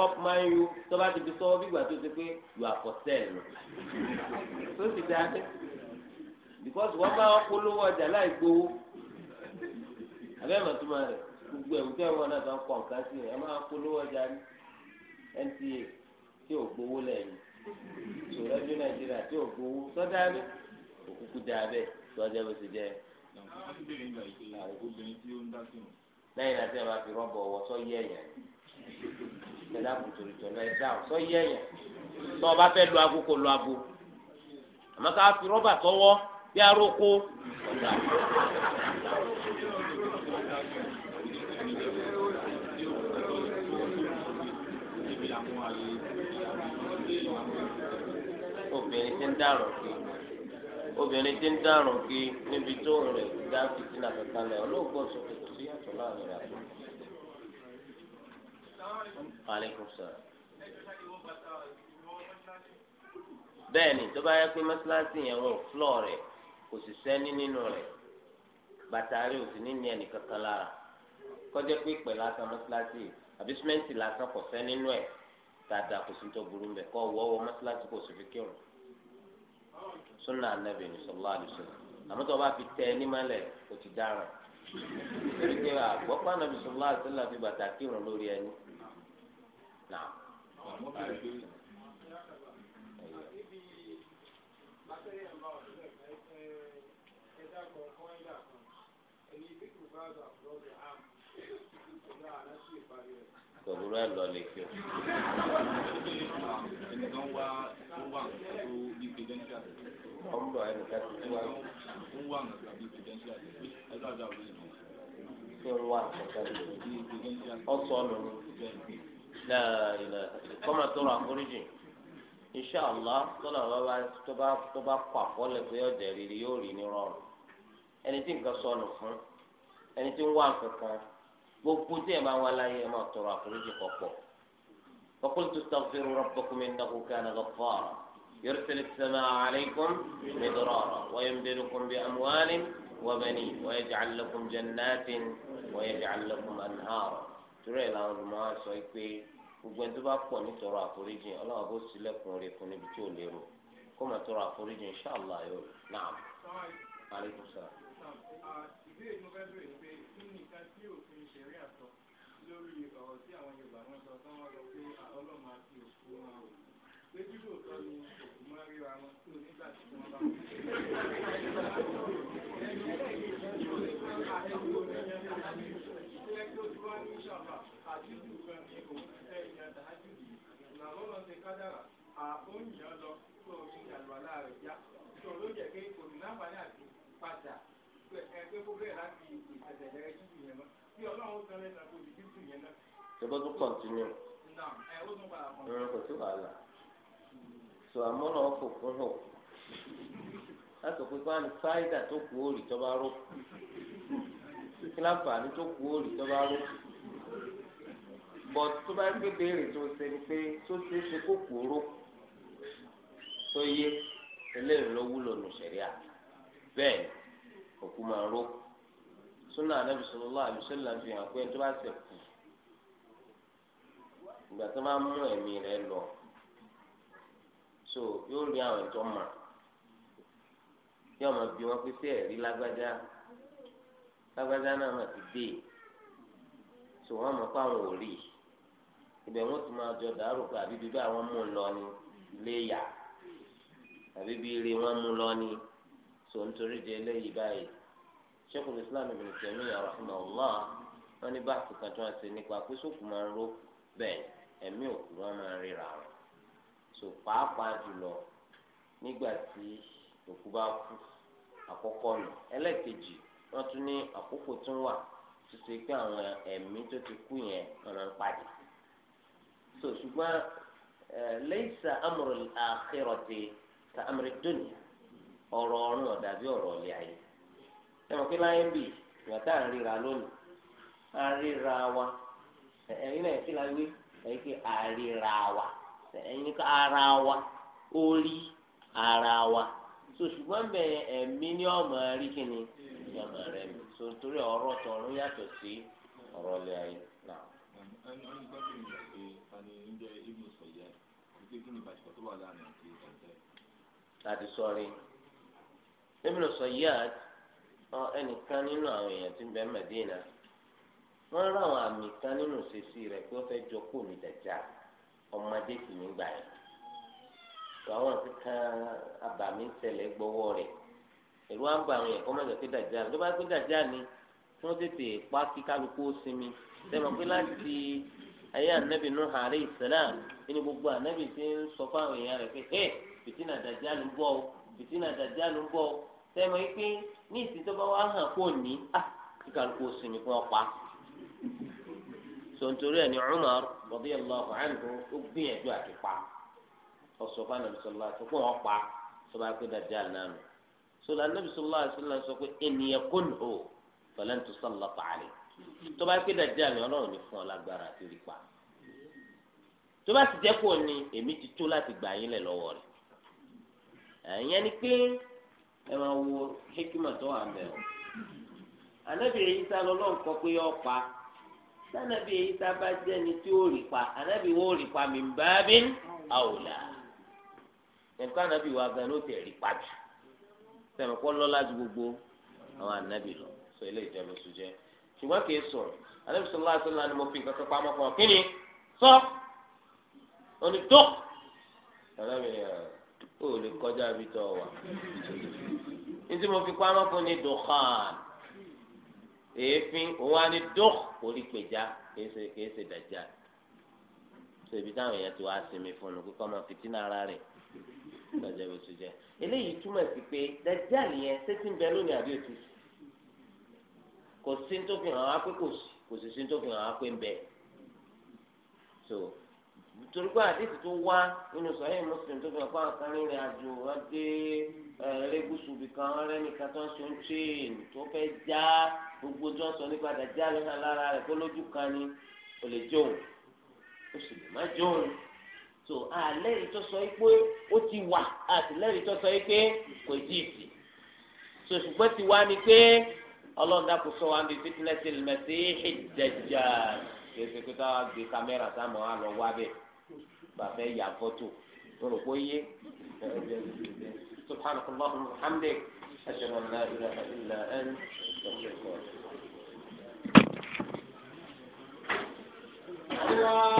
Speaker 1: of Mayu. U tó bá ti fi sọ́wọ́ bí ìgbà tó ṣe pé you are for sale tó ti dá dé because wọ́n bá polówó ọjà láì gbowó abẹ́rẹ́ mọ̀túmọ̀ rẹ̀ gbogbo ẹ̀wù tẹ́ wọn náà tó ń pọ̀ nǹkan sí ẹ̀ máa polówó ọjà ní NTA
Speaker 5: tí ò gbowó lẹ́yìn sòrọ́jú nàìjíríà tí ò gbowó sọ́dá bẹ́ òkúkú dá bẹ́ sọ́dá bó ti jẹ́. lẹ́yìn
Speaker 1: náà tí a máa fi rọ́bọ̀ ọwọ́ sọ yẹ ẹ̀yàn ẹ̀dá kùtùrù tọ̀lọ́ ẹ̀ dáhùn sọ yẹ ẹ̀yàn tó o bá fẹ́ lu aago kò lu aago àmọ́ ká fi rọ́bà sọ́wọ́
Speaker 5: bí aróko ọ̀dà. obìnrin tí ń dàrún kí obìnrin
Speaker 1: tí ń dàrún kí níbi tó ń rẹ̀ dá fìtínà kankan lẹ̀ olóògùn sókè kò sí yàtọ̀ láàrin rẹ̀ àti
Speaker 5: aleykum salaam. bẹ́ẹ̀ni
Speaker 1: tó bá yẹ pé mọ́sálásí yẹn wọ̀ fúlọ̀ rẹ̀ kò sì sẹ́ni nínú rẹ̀ bàtà rẹ̀ ò sì ní ní ẹnì kankan lára kọjá pé pẹ̀ lásán mọ́sálásí àbí símẹ́ǹtì lásán kò sẹ́ nínú ẹ̀ tàdà kò sí tó burú mbẹ̀ kọ́ wọ́wọ́ mọ́sálásí kò sì fi kírun. sunna anabi ni sọlá àdìsọ àmọ́ tó o bá fi tẹ ẹni mọ́lẹ̀ o ti dáràn lórí pé anabi sọlá àdìsọ là fi bàtà kírun lórí ẹni náà.
Speaker 4: Kòbúrú ẹ̀ lọ lè kí o.
Speaker 5: ọmọdé ayé nìkan ti wá. ó wà nǹkan bí potential ẹ lọ́wọ́ àjà òwe yìí. kí ó wà nǹkan bí ọ̀sọ̀ ọ̀nà
Speaker 1: ni. kọ́mà tó ra foríjì insha allah tọ́lá bàbá tó bá kọ àkọọ́lẹ̀ pé ọ̀dẹ̀ فقلت استغفروا ربكم انه كان غفارا يرسل السماء عليكم مدرارا ويمددكم بأموال وبنين ويجعل لكم جنات ويجعل لكم أنهارا ترى إلى ما سويكي gbogbo ẹni tó bá pọ̀ nítorọ àforíjì ọlọ́run bó sílẹ̀kùn rẹ̀ fún níbi tí ò lérò kó mà tọrọ àforíjì inṣàlá yóò náà
Speaker 4: alaikum salaam. sọ
Speaker 5: tán wọn ṣùgbọ́n tún kọ̀ntínú ẹ̀rọ kò sí wàhálà so àmọ́ náà fò fún hàn láti pé
Speaker 1: fáwọn fáìdà tó kú òòrì tó bá rò kíláǹfààní tó kú òòrì tó bá rò bọ̀ tó bá gbé béèrè tó ṣe ni pé tó ṣe é ṣe kó kú òòrò tó yé eléyìí ló wúlò nù sẹ̀ríà bẹ́ẹ̀ òkú máa rò súnà anábì sallallahu alaihi wasallam fi hàn pé tó bá ṣe kù ìgbà tó bá mú ẹ̀mí rẹ̀ lọ so yóò rí àwọn ẹ̀tọ́ mọ̀. yóò máa bí wọn pé sí ẹ̀rí lágbájá lágbájá náà ti dé sọ wọn mọ̀ pé àwọn ò rí ibẹ̀ wọn tún máa jọ dàrú pé àbí bíbá àwọn mú lọ ní ilé yà àbí bí ire wọn mú un lọ ní eléyìí báyìí Islam Ibn Taymiyyah rahimahullah wọn ní báàkì kan tí wọn ṣe nípa pé sókù máa ń ró bẹ́ẹ̀ ẹ̀mí òkú wọn máa ń ríra wọn pàápàá jùlọ òkú bá kú àkọ́kọ́ nù ẹlẹ́ẹ̀kejì wọ́n tún ní àkókò tún wà ọnụ pé àwọn ẹ̀mí tó ti kú yẹn so ṣùgbọ́n ka amru ọ̀rọ̀ ọ̀run ọ̀rọ̀ ọ̀lẹ́ ayé pé láyé bì tá à ń ríra lónìí à ń ríra so ṣùgbọ́n bẹ́ẹ̀ ẹ̀mí ni ọmọ rí kíni ní ọmọ rẹ mi so nítorí ọ̀rọ̀ tọ̀run yàtọ̀ sí ọ̀rọ̀ ilé ayé náà. láti sọrí Ibn Sayyad ẹnìkan nínú àwọn èèyàn tí ń bẹ Mẹ́dínà wọ́n rá àmì kan nínú ṣèṣì rẹ̀ pé ó fẹ́ jọ kó dàjà ọmọdé àwọn kankan abàmì ń ṣẹlẹ̀ gbọ́wọ́ rẹ̀ yẹn pé bá pé ni tètè pa kí kálukú ó sinmi pé láti ayé nù ẹni gbogbo ti ń sọ fáwọn èèyàn rẹ̀ pé ẹ̀ fìtínà dàjà ló ń bọ̀ ọ́ fìtínà dàjà ló ń bọ̀ ọ́ sẹ́mi pé ní ìsìn tó bá wà hàn kó ní ah, kí kálukú ó sinmi kí wọ́n sọ̀ntorí ẹ̀ ọsọ fún anabi sọlá àti fún wọn pa sọba pé dàjà nánu sọlá anabi sọlá àti sọlá sọ pé ènìyàn kò ní o fẹlẹ tó sọlá pààlẹ tọba pé dàjà ni Ọlọ́run ní fún ọ lágbára àti rí pa tọba sì jẹ kó ní èmi ti tó láti gbà yín lẹ lọ́wọ́ rẹ̀ ẹ̀yẹn ni pé ẹ máa wo hekima tó wà mẹ o anabi èyí sá lọlọrun kọ pé yọ pa sanabi èyí sá bá jẹ ni tí ó rí anabi wo rí pa mi bá bí àwòlá ẹnìkan ànábì wa gan ló tẹ̀ rí pàjù sẹ́mi kọ́ lọ́la ju gbogbo àwọn ànábì lọ sọ ilé ìjọba oṣù jẹ́ ṣùgbọ́n kì í sọ̀rọ̀ ànábì sọ̀rọ̀ láti ńlá
Speaker 5: ni mo fi nǹkan kan pamọ́ fún ọ kí ni
Speaker 1: sọ òní tó ànábì ni ah, ó lè kọjá bí tọ́ wa ní tí mo fi pamọ́ fún ni dùkán èéfín òun á ní dùk orí pèjá kìí ṣe kìí ṣe dàjà táwọn èèyàn ti wá sinmi fún un kí kọ́ mọ fìtínà ara rẹ̀ ìtọ́jà bó ti jẹ eléyìí túmọ̀ sí pé Dajjal yẹn sétí ń bẹ lónìí àbí òtún sí kò sí tó fi hàn wá pé kò sí kò sì sí tó fi hàn wá pé ń bẹ so torí pé àdéhùn tó wá nínú sọ̀rọ̀ Muslim tó fi hàn pé àwọn kan rìnrìn àjò wọn dé ẹrẹ́gùsù bìkan rẹ́nìkan tó ṣe ń tírìn tó fẹ́ já gbogbo tó ń sọ nípa Dajjal lọ́nà lára rẹ̀ kó lójú kan ni kò jóun ó sì lè má jóun so àlẹ́rìí tó sọ pé ó ti wà àtìlẹ́rìí tó sọ pé kò jí ìsì so ṣùgbọ́n ti wá ni pé ọlọ́run dàpọ̀ sọ wa níbi fitinẹ́sì lẹ́sẹ̀ ìdẹ̀jà kẹsẹ̀ pé táwa gbé kámẹ́rà sáàmù wa lọ wá bẹ́ẹ̀ bàbá yà fọ́tò tó rò pé yé subhanahu wa ta'ala alhamdulilayi
Speaker 2: ashhadu an la ilaha illa anta astaghfiruka wa atubu ilayk